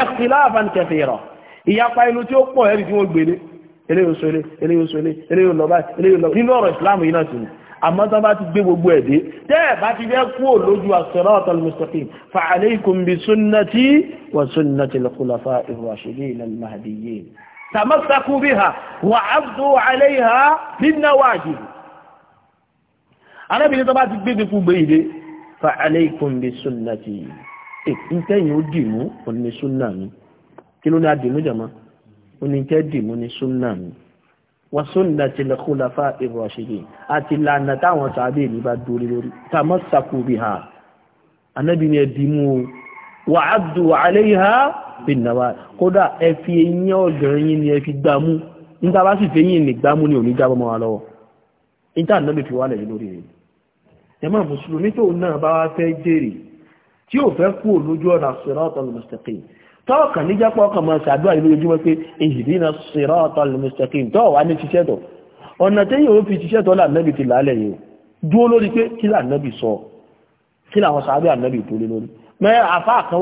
ẹ̀kìláàfà ní kẹfìrà ìyapa inú tí ó pọ̀ ẹ̀rí tí wọ́n gbélé eléyò sọlé eléyò sọlé eléyò lọ́bá eléyò lọ́bá nínú ọ̀rọ̀ ìsìláàmù yìí náà sì ni àmọ́ tán bá ti gbé gbogbo ẹ̀ dé tẹ́ ẹ̀ bá ti fẹ́ kúrò lójú as-sirātal mustaqīm fa alaykum bi sunnati wa sunnati al-khulafā'i ar-rashidīn al-mahdiyyīn tamassakū bihā wa 'addu 'alayhā bin-nawājidh arábìnrin tó bá ti gbé ìdé fa aleikum bi sunnati ìtẹ́yìn ó dìmú òun ni súnà mi kí ló ní adìmú jàmá òun ni tẹ́ dìmú ni súnà mi wa sunnati al-khulafa ar-rashidin àti lànà táwọn sàábé mi bá dórí lórí tamassaku biha anábì ni ẹdìmú wa addu alayha bin-nawajid kódà ẹ fi eyín ọ̀gẹ̀rẹ̀ yín ni ẹ fi gbámú nígbà bá sì fi eyín ní gbámú ni ò ní jábọ́ mọ́ wa lọ́wọ́ níta anábì fi wálẹ̀ lórí rẹ̀ jàmáà mùsùlùmí tó náà bá wá fẹ́ jèrè tí ó fẹ́ kú lójú ọ̀nà siratal mustaqim tọ́ọ̀kàn ní jápọ̀ ọkàn máa ṣàdúrà ìlú ojúmọ́ pé ihdina siratal mustaqim tọ́ọ̀ wá ní ṣiṣẹ́ tọ̀ ọ̀nà tí yóò fi ṣiṣẹ́ tọ́ lànàbì ti lálẹ̀ yìí dúó lórí pé kí lànàbì sọ kí làwọn sàábẹ́ ànàbì tó lé lórí mẹ́ àfá kan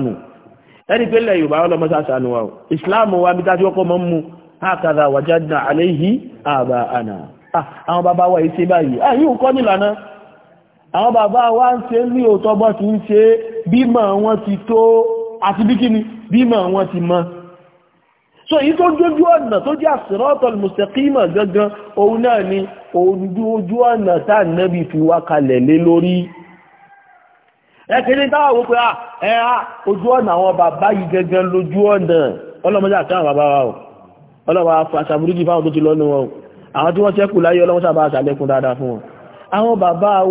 wá sọ ẹni pé lẹ yorùbá ọlọmọ sàṣàánú wa o islam wa bí tájú ọkọ mọ mú hakadha wajadna alayhi aba'ana ah, àwọn bàbá wa yìí ṣe báyìí àyí ah, ò kọ́ nílànà àwọn bàbá wa ń ṣe ní òótọ́ bọ́ ti ń ṣe bímọ wọn ti tó àti bí kíni wọn ti mọ so èyí tó jójú ọ̀nà tó jẹ́ àsìrọ́tọ̀ mùsẹ̀kímọ̀ gangan òun náà ni òun ojú ọ̀nà tá ànábì fi wá lé lórí ẹkìnrin táwà wó pé à ah, ẹ̀há ah, ojú ọ̀nà àwọn bàbá yìí gẹ́gẹ́ lójú ọ̀nà ọlọ́mọdé àti àwọn bàbá wa ọlọ́wà aṣàbúrújì fáwọn tó ti lọ́nu wọn àwọn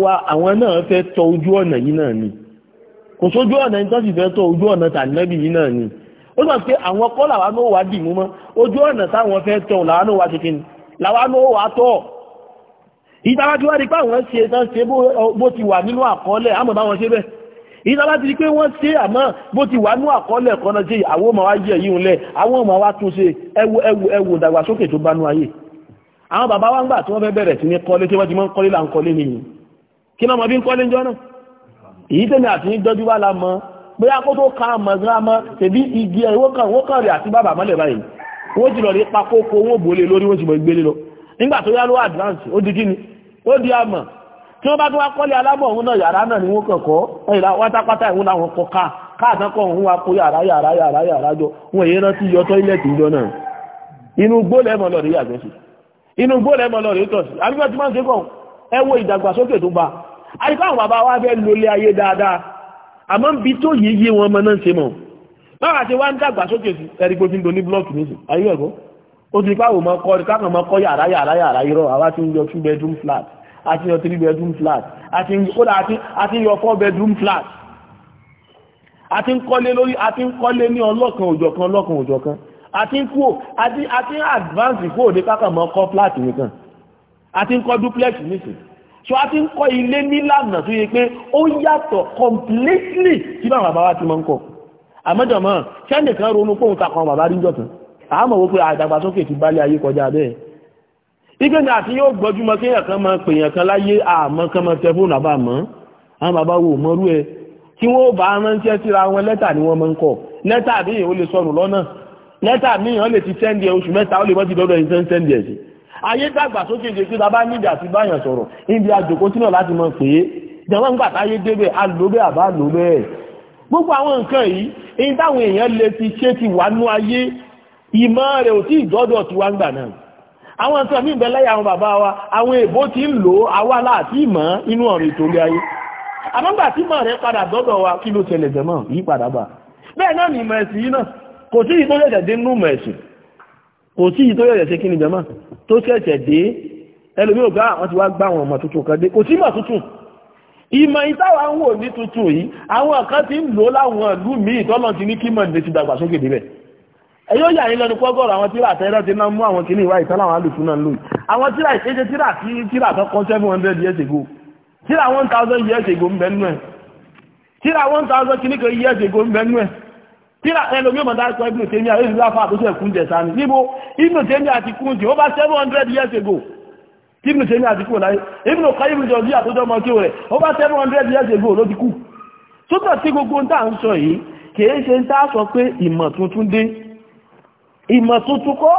wa àwọn náà fẹ́ tọ ojú ọ̀nà yìí náà ni kò sójú ọ̀nà tó sì fẹ́ tọ ojú ọ̀nà tànẹ́bì yìí náà ni ó sọ pé àwọn kọ́ làwọn náà wá dì mú mọ́ ojú ọ̀nà táwọn fẹ́ tọ làwọn náà wá ṣe kí ni làwọn tán ṣe bó ti wà nínú àkọọ́lẹ̀ àmọ́ báwọn ṣe bẹ́ẹ̀ ìta bá ti di pé wọ́n ṣe àmọ́ bó ti wà ní àkọọ́lẹ̀ kan náà ṣe àwọn ọmọ wa yẹ yìí ń lẹ̀ àwọn ọmọ wa tún ṣe ẹwu ẹwu ẹwu ìdàgbàsókè tó bá nú ayé àwọn bàbá wa ń gbà tí wọ́n fẹ́ bẹ̀rẹ̀ sí ní kọ́lé tí wọ́n ti mọ́ ń kọ́lé là ń kọ́lé nìyí kí ni ọmọ bí ń kọ́lé ń jọ èyí tẹ̀mí àti ní dọ́jú wà la mọ́ bóyá kó tó ka mọ̀ gan mọ́ tẹ̀bí igi ẹ̀ wọ́n kàn wọ́n kàn rẹ̀ àti bàbá mọ́lẹ̀ báyìí wọ́n ti lọ rí pakókó wọ́n bò lórí wọ́n ti mọ̀ gbélé lọ nígbà tó yá ló advance ó di kíni ó di àmọ̀ tí wọ́n bá tó wá kọ́lé alábọ̀ òun náà yàrá náà ni wọ́n kọ̀kọ́ ẹ̀yà wátápátá ìwọ́n làwọn kọ ká òun wá kó yàrá yàrá yàrá yàrá jọ wọn èyí rántí yọ tọ́ílẹ̀tì ìjọ náà inú gbólẹ̀ mọ́ yàgbẹ́ sí inú gbólẹ̀ mọ́ tọ̀ sí àbíkọ́ tí máa ń sẹ́kọ̀ ẹ ìdàgbàsókè tó bá àwọn bàbá wa fẹ́ náà àti yọ three bedroom flat àti kódà àti yọ four bedroom flat àti ń kọ́lé lórí àti ń kọ́lé ní ọlọ́kan òjọ̀kan ọlọ́kan òjọ̀kan àti ń kúò àti àti ń advance kúò dé kákàmọ́ kọ́ flat nìkan àti ń kọ́ duplex nìkan so a ti ń kọ́ ilé nílànà tó yẹ pé ó yàtọ̀ completely tí bá bàbá wa ti mọ́ ń kọ́ àmọ́jọ̀mọ́ sẹ́nìkan ronú pòun takọ̀ bàbá ríjọ̀tún àmọ́ wó pé àdàgbàsókè ti bálé ayé kọjá bẹ́ẹ̀ ike ní àti yóò gbọ́júmọ́ kí èèyàn kan máa pèèyàn kan láyé àmọ́ kan máa tẹ fóònù àbámọ́ àwọn bàbá wo mọ́rú ẹ tí wọ́n bá ránṣẹ́ síra wọn lẹ́tà ni wọ́n máa ń kọ lẹ́tà míì ó lè sọnù lọ́nà lẹ́tà míì ó lè ti sẹ́ndì ẹ oṣù mẹ́ta ó lè mọ́tì lọ́dọ̀ ẹ̀yìn sẹ́ndì ẹ̀ sí ayé dàgbàsókè ṣe pé bàbá níbi àti báyàn sọ̀rọ̀ níbi àjòkó sínà láti mọ̀ pé jẹ̀wọ́n gbà táyé débẹ̀ alóbẹ́ àbá lóbẹ́ gbogbo tí náà àwọn nǹkan mí bẹ́ẹ̀ láyé àwọn bàbá wa àwọn èbó ti ń lò àwa láti ìmọ̀ inú ọ̀rìn ìtòrí ayé àmọ́gbà tí mọ̀ rẹ padà dọ́dọ̀ wa kí ló tẹ̀lẹ̀ jẹ́mọ̀ yí padà bà bẹ́ẹ̀ náà ni ìmọ̀ ẹ̀sìn yìí náà kò sí ìtò yẹ̀dẹ̀ dé nínú ìmọ̀ ẹ̀sìn kò sí ìtò yẹ̀dẹ̀ sí kí ni jẹ́mọ̀ tó ṣẹ̀ṣẹ̀ dé ẹlòmí ò gbá àwọn ti wá gbá àwọn ọmọ tuntun kan ẹ̀yí ó yà yín lẹ́nu pọ́gọ́rọ̀ àwọn tíra àtẹ́rẹ́ ti náà mú àwọn kìíní ìwà ìtàn àwọn alùpùpù náà lò àwọn tíra ìkéde tíra tí tíra tó kọ́ seven hundred years ago tíra one thousand years ago ń bẹ nú ẹ̀ tíra one thousand kìíní kan years ago ń bẹ nú ẹ̀ tíra ẹlòmíì mọ̀ dáríkọ ibùdó tèmi àwọn èsì láfa àtúnṣe ẹ̀kún jẹ̀ sani níbo ibùdó tèmi àti kún jù over seven hundred years ago ibùdó tèmi àti kún láyé ibùdó kọ́ ibùdó ọdún àtúnṣe ọmọ tí ó rẹ̀ over seven hundred years ago ló ti kú sótọ̀ sí gbogbo ń tà ń sọ yìí kì í ṣe ń tà sọ pé ìmọ̀ tuntun dé ìmọ̀ tuntun kọ́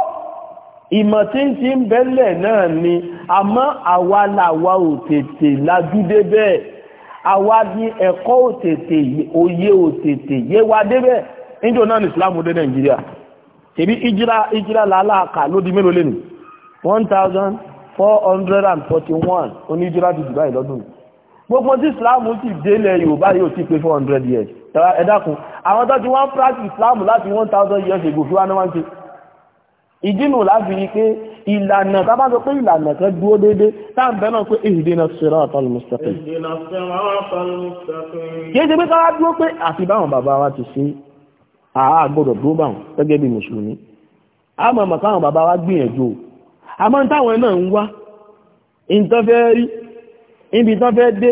ìmọ̀ tí ń ti ń bẹ́lẹ̀ náà ni àmọ́ àwa làwa ò tètè lajúdé bẹ́ẹ̀ àwa ní ẹ̀kọ́ ò tètè òye ò tètè yé wa dé bẹ́ẹ̀ níjọ́ náà ní Islam dé Nàìjíríà tèmi ìjírá ìjírá làálàkà ló di mélòó lẹ́nu one thousand four hundred and forty one oníjírá ti jù báyìí lọ́dún gbogbo tí Islam ti délẹ̀ Yorùbá yóò ti pé four hundred years ẹ dákun àwọn tó ti wọ́n practice Islam láti one thousand years ago fi wá ní wọ́n ti ìdínú láti rí pé ìlànà tàbá sọ pé ìlànà kan dúó dédé táà bẹ́ náà pé ihdina siratal mustaqim kìí ṣe pé káwá dúó pé àti báwọn bàbá wa ti ṣe àá gbọ́dọ̀ dúó báwọn gẹ́gẹ́ bí mùsùlùmí a mọ̀ mọ̀ káwọn bàbá wa gbìyànjú àmọ́ táwọn náà ń wá ibi tán fẹ́ dé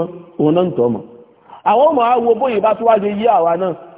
àwọn ọmọ àwọ bóyè bá tó wá ṣe yé àwa náà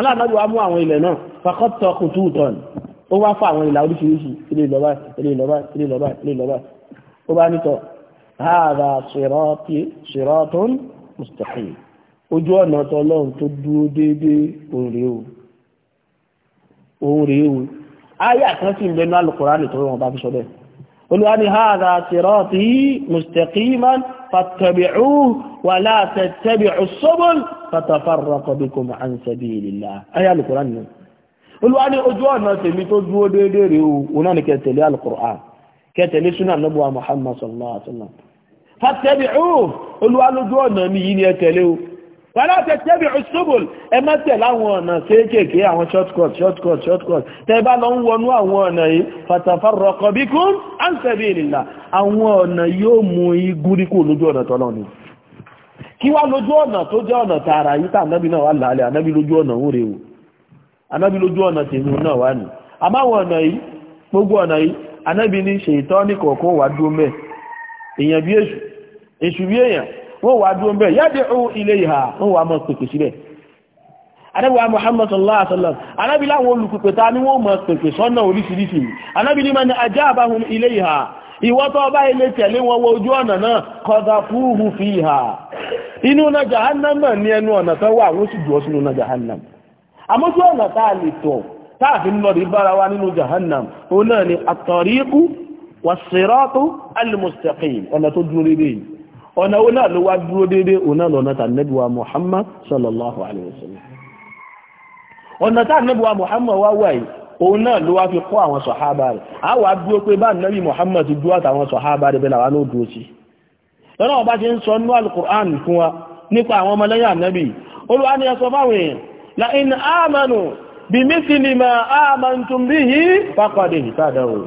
aláàbí wa mú àwọn ilẹ̀ náà fakọ́tọ̀ kò tú tọ̀ ní ó wá fún àwọn ìlà oríṣiríṣi ilé ìlọ́bà ilé ìlọ́bà ilé ìlọ́bà ilé ìlọ́bà ó bá nítọ̀ hàdà ṣìrọ́tún mustaqim ojú ọ̀nà tọlọ́run tó dúró déédéé òun rèé o òun rèé o áyà kan sì wọn bá fi sọ bẹ́ẹ̀ قلوا يعني هذا صراطي مستقيما فاتبعوه ولا تتبعوا السبل فتفرق بكم عن سبيل الله أي القرآن قلوا أن أجوانا تميتوا ديري ونان كتلي القرآن كتلي سنة نبوة محمد صلى الله عليه وسلم فاتبعوه قلوا أجوان ما ميين يتليه wàlá tẹ̀tẹ̀ bí ṣubùl ẹ má tẹ̀ láwọn ọ̀nà kéékèèké àwọn shortcut shortcut shortcut tẹ́ bá lọ ń wọnú àwọn ọ̀nà yìí fatafarraqa bikum an sabilillah àwọn ọ̀nà yóò mú igún ríkò lójú ọ̀nà tọ́lọ́ ni kí wá lójú ọ̀nà tó jẹ́ ọ̀nà tààrà yìí tá ànábì náà wà lálẹ́ ànábì lójú ọ̀nà ń rèwò ànábì lójú ọ̀nà tèmi náà wà ní àmáwọn ọ̀nà yìí gbogbo ọ̀nà yìí ànábì ní ṣèyítọ́ ní kọ̀ọ̀kan wà dúró mẹ́ èèyàn bí èṣù èṣù bí èèyàn wọ́n wà dúró bẹ́ẹ̀ yáde ó ilé ìhà wọ́n wà mọ́ pèpè síbẹ̀ anábíwá muhammad sallallahu alaihi wasallam anábí láwọn olùpèpè ta ni wọ́n mọ́ pèpè sọ́nà oríṣiríṣi anábí ní man ni ọ̀nà tó dúró rí ọ̀nà owó náà ló wá dúró dédé òun náà lọ́nà tànẹ́bùwà Muhammad sallallahu alayhi wa sallam ọ̀nà tànẹ́bùwà Muhammad wá wà yìí òun náà ló wá fi kọ́ àwọn sọ̀hábà rẹ̀ a wà dúró pé bá nẹ́bì Muhammad ti dúró àtàwọn sọ̀hábà rẹ̀ bẹ́lá wà ló dúró sí lọ́nà ọba ti ń sọ nú al fún wa nípa àwọn ọmọlẹ́yìn ànẹ́bì olúwa ni ẹ fáwọn èèyàn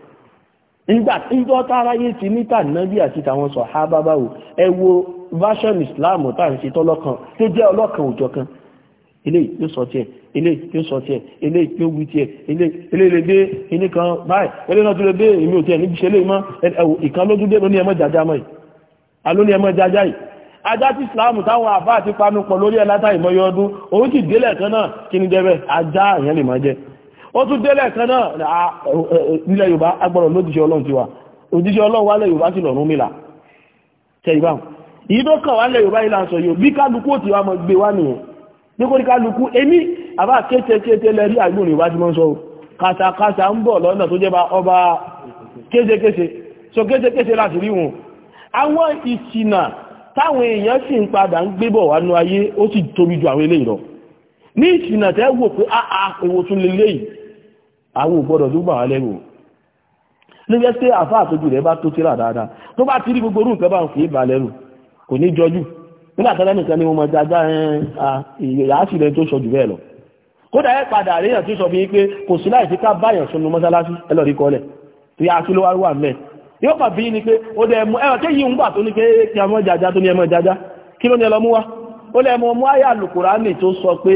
nígbà tí ń tọ́ta aráyé ti níta nábì àti tàwọn sàhábà báwo ẹ wo version islam tá à ń ṣe tọ́lọ́kan tó jẹ́ ọlọ́kan òjọ̀kan eléyìí yóò sọ tiẹ̀ eléyìí yóò sọ tiẹ̀ eléyìí yóò wí tiẹ̀ eléyìí lè dé ilé kan báyìí eléyìí náà tó lè dé èmi ò tiẹ̀ níbi ṣe léyìí mọ́ ẹ̀wò ìkan lójú dé lóní ẹmọ jàjà mọ́ yìí alóní ẹmọ jàjà yìí ajá tí islam táwọn àbá àti panupọ̀ lórí ẹ̀ látàrí mọ́yọ́ ọdún òun sì délẹ̀ kan náà kí ni jẹ́ bẹ́ẹ̀ ajá àyẹ́lì máa jẹ́ ó tún délẹ̀ kan náà nílẹ̀ yorùbá agbọ́rọ̀ lójíṣẹ́ ọlọ́run ti wà òjíṣẹ́ ọlọ́run wálẹ̀ yorùbá sì lọ̀rún mìlà tẹ́yìbá yìí tó kàn wálẹ̀ yorùbá ilá sọ yóò bí kálukú ò ti wá mọ gbé wá nìyẹn nítorí kálukú èmi àbá kéte kéte lẹ́rí àgbọn yorùbá ti mọ́ sọ kàtàkàtà ń so kéṣekéṣe láti rí wọn àwọn ìṣìnà táwọn èèyàn sì ń padà ń gbé bọ̀ wánú ayé ó sì tóbi ju àwọn eléyìí lọ ní ìṣìnà tẹ́ wò pé àà èwo lè léyìí àwọn ògbọ́dọ̀ tó bà wá lẹ́rù ló yẹ pé àfa àtọ́jú rẹ̀ bá tó tíra dáadáa tó bá ti rí gbogbo orú nǹkan bá ń fi bà lẹ́rù kò ní jọjú nígbà tẹ́lẹ̀ nìkan ni mo mọ̀ jágá ìyá àṣìlẹ̀ tó sọ jù bẹ́ẹ̀ lọ kódà ẹ padà àríyàn tó ni pé ó dẹ̀ mú ẹ̀rọ kéyìí ń gbà tó ní pé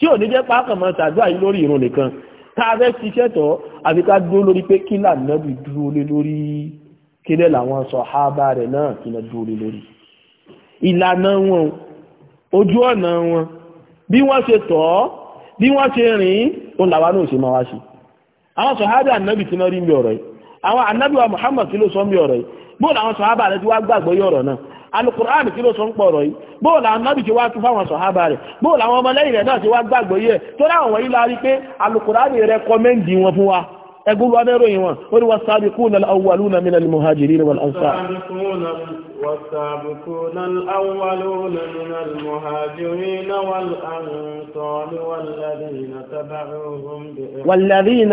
tí ò ní jẹ́ pákàn mọ́ ṣàdúrà yìí lórí ìrun nìkan tá a fẹ́ ṣiṣẹ́ tọ́ àfi ká dúró lórí pé kí lànàbì dúró lé lórí kílẹ̀ làwọn sàhábà rẹ̀ náà kí lọ dúró lé lórí ìlànà wọn ojú ọ̀nà wọn bí wọ́n ṣe tọ́ bí wọ́n ṣe rìn ó làwa náà ṣe máa wá ṣe àwọn sàhábà ànàbì tí wọ́n rí mi ọ̀rọ̀ yìí àwọn ànàbì wa Muhammad kí ló sọ mi ọ̀rọ̀ yìí bóòlù àwọn sàhábà rẹ̀ ti wá gbàgbọ́ yọ̀rọ̀ náà alukur'an kí ló sọ ń pọ̀rọ̀ yìí bóòlù àwọn nábì ti wá tún fáwọn sọ̀hábà rẹ̀ bóòlù àwọn ọmọlẹ́yìn rẹ̀ náà ti wá gbàgbọ́ yẹ tó láwọn wọ̀nyí la rí pé alukur'an rẹ̀ kọ́mẹ́ǹdì wọn fún wa يقول أنا روي wọn ó ní was-sabiquna al-awwaluna والسابقون الأولون من المهاجرين والأنصار والذين تبعوهم بإحسان والذين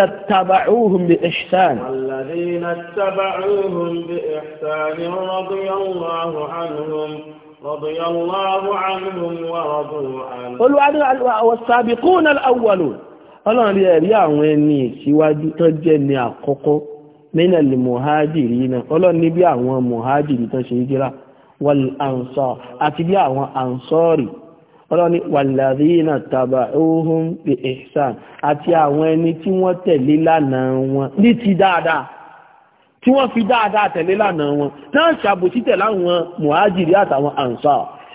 اتبعوهم بإحسان والذين اتبعوهم بإحسان رضي الله عنهم رضي الله عنهم ورضوا عنه والسابقون الأولون ọlọ́run rí ẹ̀rí àwọn ẹni ìṣíwájú tán jẹ́ ní àkọ́kọ́ minal muhajirina ọlọ́run ní bí àwọn muhajiri tán ṣe hijira wal ansar àti bí àwọn ansọ́rì ọlọ́run ní walladhina taba'uhum bi ihsan àti àwọn ẹni tí wọ́n tẹ̀lé lánàá wọn ní ti dáadáa tí wọ́n fi dáadáa tẹ̀lé lánàá wọn náà ṣàbòsítẹ̀ láwọn muhajiri àtàwọn ansar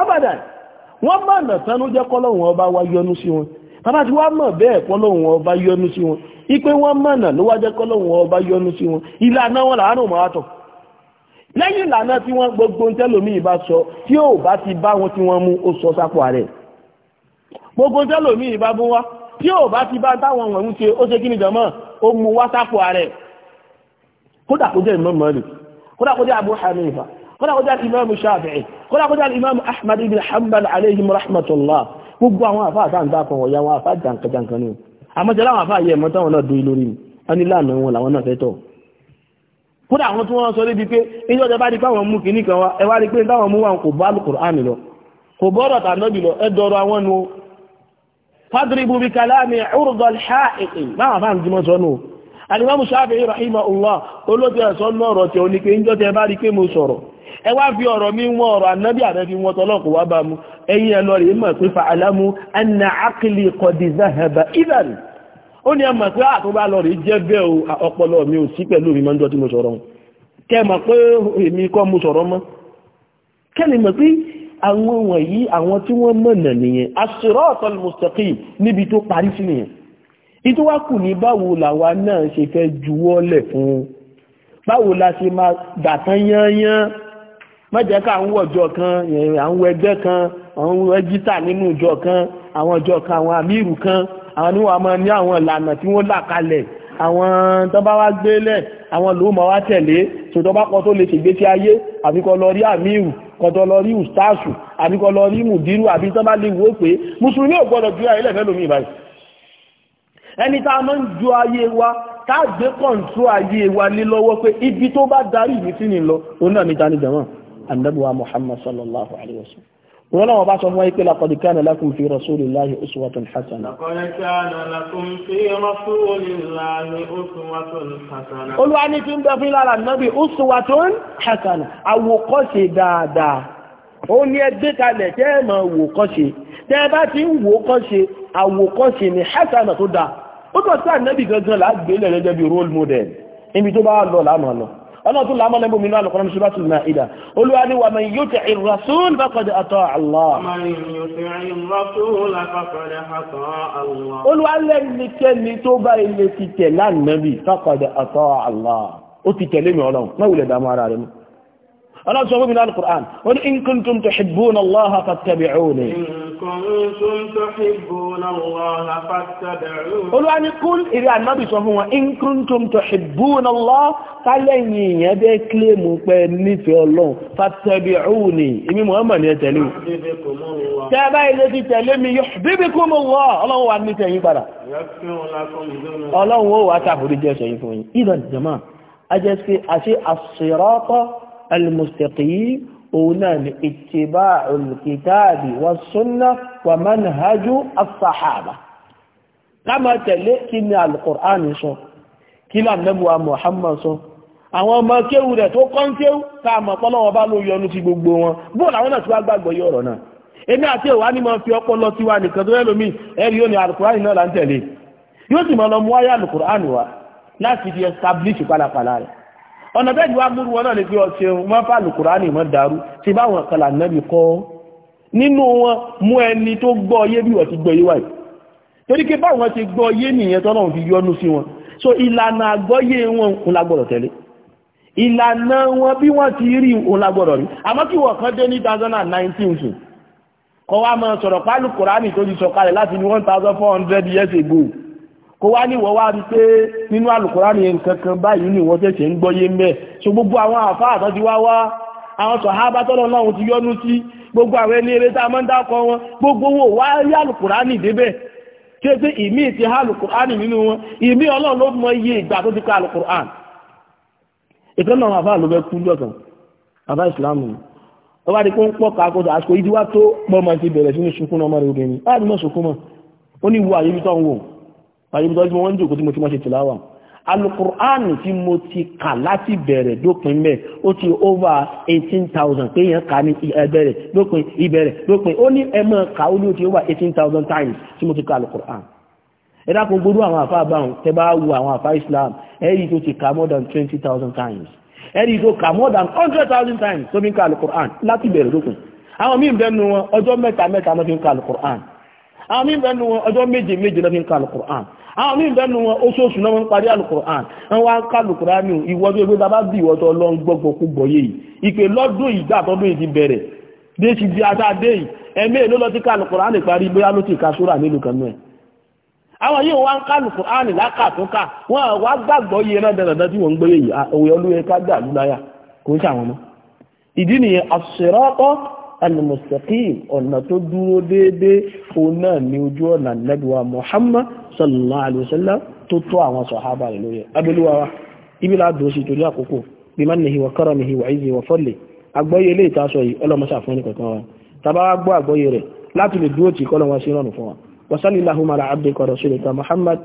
abadan wọ́n mọ̀ ọ̀nà tánú jẹ́ kọ́lọ́hun ọba wá yọ́nú sí wọn bàbá tí wọ́n mọ̀ bẹ́ẹ̀ kọ́lọ́hun ọba yọ́nú sí wọn ipé wọ́n mọ̀nà ló wá jẹ́ kọ́lọ́hun ọba yọ́nú sí wọn ìlànà wọn làánù máa tọ̀ lẹ́yìn ìlànà tí wọ́n gbogbo ń tẹ́lòmíì bá sọ tí ò bá ti bá wọn tí wọ́n mú ó sọ sápò ààrẹ gbogbo ń tẹ́lòmíì bá bú wá tí ò bá ti bá táwọn wọ̀nyí ṣe ó ṣe kí ni ó mú wá sápò ààrẹ kódà kó jẹ́ Imam Malik kódà kó jẹ́ Abu Hanifa kódà kó الإمام ìmáàmù Shafi'i kódà الإمام أحمد بن Ahmad ibn رحمة الله، rahmatullah gbogbo àwọn àfáà sáà ń dákan wọ̀nyá wọn àfáà jankanjankan ni àmọ́jẹ́ láwọn àfáà yẹ mọ́tọ́ wọn náà dúró lórí mi wọ́n ní láàánú wọn làwọn náà fẹ́ tọ̀ kódà àwọn tí wọ́n sọ lébi pé ilé ọjọ́ bá di káwọn mú kìíní kan wá ẹ wá rí pé táwọn mú wọn kò bá Al-Qur'an lọ kò bọ́rọ̀ tànàbì lọ ẹ dọ̀rọ̀ àwọn nu fadribu bi kalami urdal ha'iqi láwọn àfáà ń jimọ́ sọ nù Al-Imam Shafi'i rahimahullah olóòtú ẹ̀sọ́ náà rọ̀ tẹ̀ oníke ń jọ́ bá rí pé mo sọ̀rọ̀ ẹ wá fi ọ̀rọ̀ mi wọn ọ̀rọ̀ ànábì ànábì wọn tọ́lọ́ kò wá bá mu ẹ̀yin ẹ lọ rèé mọ̀ pé fa alámú anna akili kọ̀dí zahaba idan ó ní ẹ mọ̀ pé àtúbà ah, lọ rèé jẹ́ bẹ́ẹ̀ o ọpọlọ mi ò sí pẹ̀lú mi máa ń dọ́tí mo sọ̀rọ̀ kẹ́ mọ̀ pé èmi kọ́ mo sọ̀rọ̀ mọ́ báwo làwa ṣe fẹ́ juwọ́lẹ̀ fún báwo la mẹ́jẹ̀ ká àwọn ọjọ́ kan àwọn ẹgbẹ́ kan àwọn rẹ́gítà nínú ìjọ kan àwọn ìjọ kan àwọn àmírù kan àwọn níwọ̀n àmọ́ ní àwọn ìlànà tí wọ́n là kalẹ̀ àwọn tó bá wá gbélẹ̀ àwọn ló mọ̀ wá tẹ̀lé ṣùgbọ́n bá pọ̀ tó lè ṣègbé tí ayé àfikọ́ lọ rí àmírù kọ̀tọ̀ lọ rí ustaṣù àbíkọ́ lọ rí mùdírù àbí tó bá lè wó pé mùsùlùmí ò gbọ́dọ̀ ju ayé lẹ́fẹ́ lómi ìbáyìí ẹni tá a máa ń ju ayé wa tá a gbé kọ̀ǹtró ayé wa lé lọ́wọ́ pé ibi tó bá darí ìmísí ni lọ òun náà mi ta annabuwa muhammad sallallahu alaihi wasallam wọ́n náà wọ́n bá sọ fún wa pé laqad kana lakum fi rasulillahi uswatun hasana. laqad kana lakum fi rasulillahi uswatun hasana. olúwa ní kí n bẹ fún lára nàbí uswatun hasana àwòkọ́ṣe dáadáa ó ní ẹgbẹ́ kalẹ̀ tẹ́ ẹ mọ̀ wòkọ́ṣe tẹ́ ẹ bá ti ń wòkọ́ṣe àwòkọ́ṣe ni hasana tó dáa ó tọ́ sí ànábì gangan láàgbélẹ̀ gẹ́gẹ́ bí role model níbi tó bá lọ lánàá lọ ọlọ́run tún lámọ́ lẹ́gbọ̀n mìíràn alùkọ́rọ̀ ní ṣúbátù náà ìdá olúwa ni wà man yuti'i rasul faqad ata Allah olúwa lẹ́nikẹ́ni tó bá ilé ti tẹ̀ lánàá bí faqad ata Allah ó Allah sọ fún al-Qur'an wọ́n in kuntum tuhibbuna Allah fattabi'uni olúwa ní kún ìrí ànábì sọ fún wọn in kuntum tuhibbuna Allah tálẹ́yìn ìyẹn bẹ́ kílèmù pẹ́ nífẹ́ ọlọ́run fattabi'uni imi Muhammad ni tẹ̀lé tẹ́bá ilé ti tẹ̀lé mi yuhbibkumullah ọlọ́run wà ní tẹ̀yìn padà ọlọ́run ó wà tàbí jẹ́ sẹ́yìn fún yìí ìdàn المستقيم òun náà الكتاب والسنة ومنهج الصحابة. كما wa القرآن as-sahaba ká محمد tẹ̀lé àwọn ọmọ kéwù rẹ̀ tó kọ́ńkéwù tá a mọ̀ pọ́lọ́wọ́ bá ló yọnu sí gbogbo wọn bóòlù àwọn náà wá gbàgbọ́ yí ọ̀rọ̀ náà èmi àti ẹ̀wà ni mo fi ọpọlọ tiwa nìkan tó lẹ́lòmí ẹ̀rí yóò ní alukur'ani náà là tẹ̀lé yóò sì mọ̀ lọ mú ayé alukur'ani wa láti fi establish pálapàla rẹ̀ ọ̀nà bẹ́ẹ̀ ni wá múrú wọn náà lè fi ọ̀sẹ̀ wọn fà lùkùránì wọn dàrú tí báwọn kan là nẹ́bi kọ́ nínú wọn mú ẹni tó gbọ́ yé bí wọ́n ti gbọ́ yé wáyé torí pé báwọn ti gbọ́ yé nìyẹn tọ́nà fi yọnu sí wọn so ìlànà àgbọ́yé wọn ń lágbọ́dọ̀ tẹ̀lé ìlànà wọn bí wọ́n ti rí òun lágbọ́dọ̀ rí àmọ́ kí wọ́n kan dé ní 2019 sùn kọ́ wá mọ́ sọ̀rọ̀ pálù kùránì tó ti sọ̀kalẹ̀ láti ní 1400 years ago kó wá ní wọ́n wá rí pé nínú àlùkùránì nǹkan kan báyìí ni wọ́n tẹ̀sẹ̀ ń gbọ́yé mẹ́ so gbogbo àwọn àfáà tó ti wá wá àwọn sọ̀hábà tọ́lọ̀ náà ti yọ́nú sí gbogbo àwọn ẹni eré tá a máa ń dákọ wọn gbogbo wọn wá rí àlùkùránì débẹ̀ tí ó pé ìmí ti há àlùkùránì nínú wọn ìmí ọlọ́run ibi tọ́jú wọn ń jòkó tí mo ti mọ́ ṣe tìláwà alukur'an tí mo ti kà láti bẹ̀rẹ̀ dópin mẹ́ ó ti over eighteen thousand pé èèyàn kà ní ẹbẹ̀rẹ̀ dópin ìbẹ̀rẹ̀ dópin ó ní ẹmọ kà ó ní ó ti over eighteen thousand times tí mo ti kà alukur'an ẹ dákun gbọ́dọ̀ àwọn àfa àbáhùn tẹ bá wo àwọn àfa Islam ẹ̀rí tó ti kà more than twenty thousand times ẹ̀rí tó kà more than hundred thousand times tó fi ń kà alukur'an láti bẹ̀rẹ̀ dópin àwọn míì bẹ́ẹ̀ nu wọn ọjọ́ mẹ́ta mẹ́ta ló fi ń kà alukur'an àwọn míì bẹ́ẹ̀ nu wọn ọjọ́ méje méje ló fi ń kà alukur'an àwọn míì bẹ́nu wọn oṣooṣù náà wọ́n ń parí alukur'an wọ́n wá ń ká alukur'an ní ìwọ́dó ẹgbẹ́ bàbá bí ìwọ́dó ọlọ́run gbọ́gbọ́ kú gbọ́yé yìí ìpè lọ́dún ìgbà tọ́dún yìí ti bẹ̀rẹ̀ dé ti di adáadé yìí ẹ̀mí èló lọ ti ká alukur'an parí bóyá ló ti ka sóra nílùú kan náà àwọn yìí wọ́n ń ká alukur'an lákàtúnkà wọ́n wá gbàgbọ́ yìí ọ̀nà tó dúró déédéé òun náà ni ojú ọ̀nà nẹ́bùwà Muhammad sallallahu alaihi wasallam tó tó àwọn sọ̀hábà rẹ̀ lórí abẹ́lúwa ibi láàdó sí torí àkókò bí mannihi wa karamihi wa izi wa fadli agbọ́yé ilé ìtasọ yìí ọlọ́mọṣà fún ní kankan wa tàbá wá gbọ́ àgbọ́yé rẹ̀ láti lè dúró tí kọ́lọ́ wọn sí rọrùn fún wa wasalli lahuma ala abdika rasulika muhammad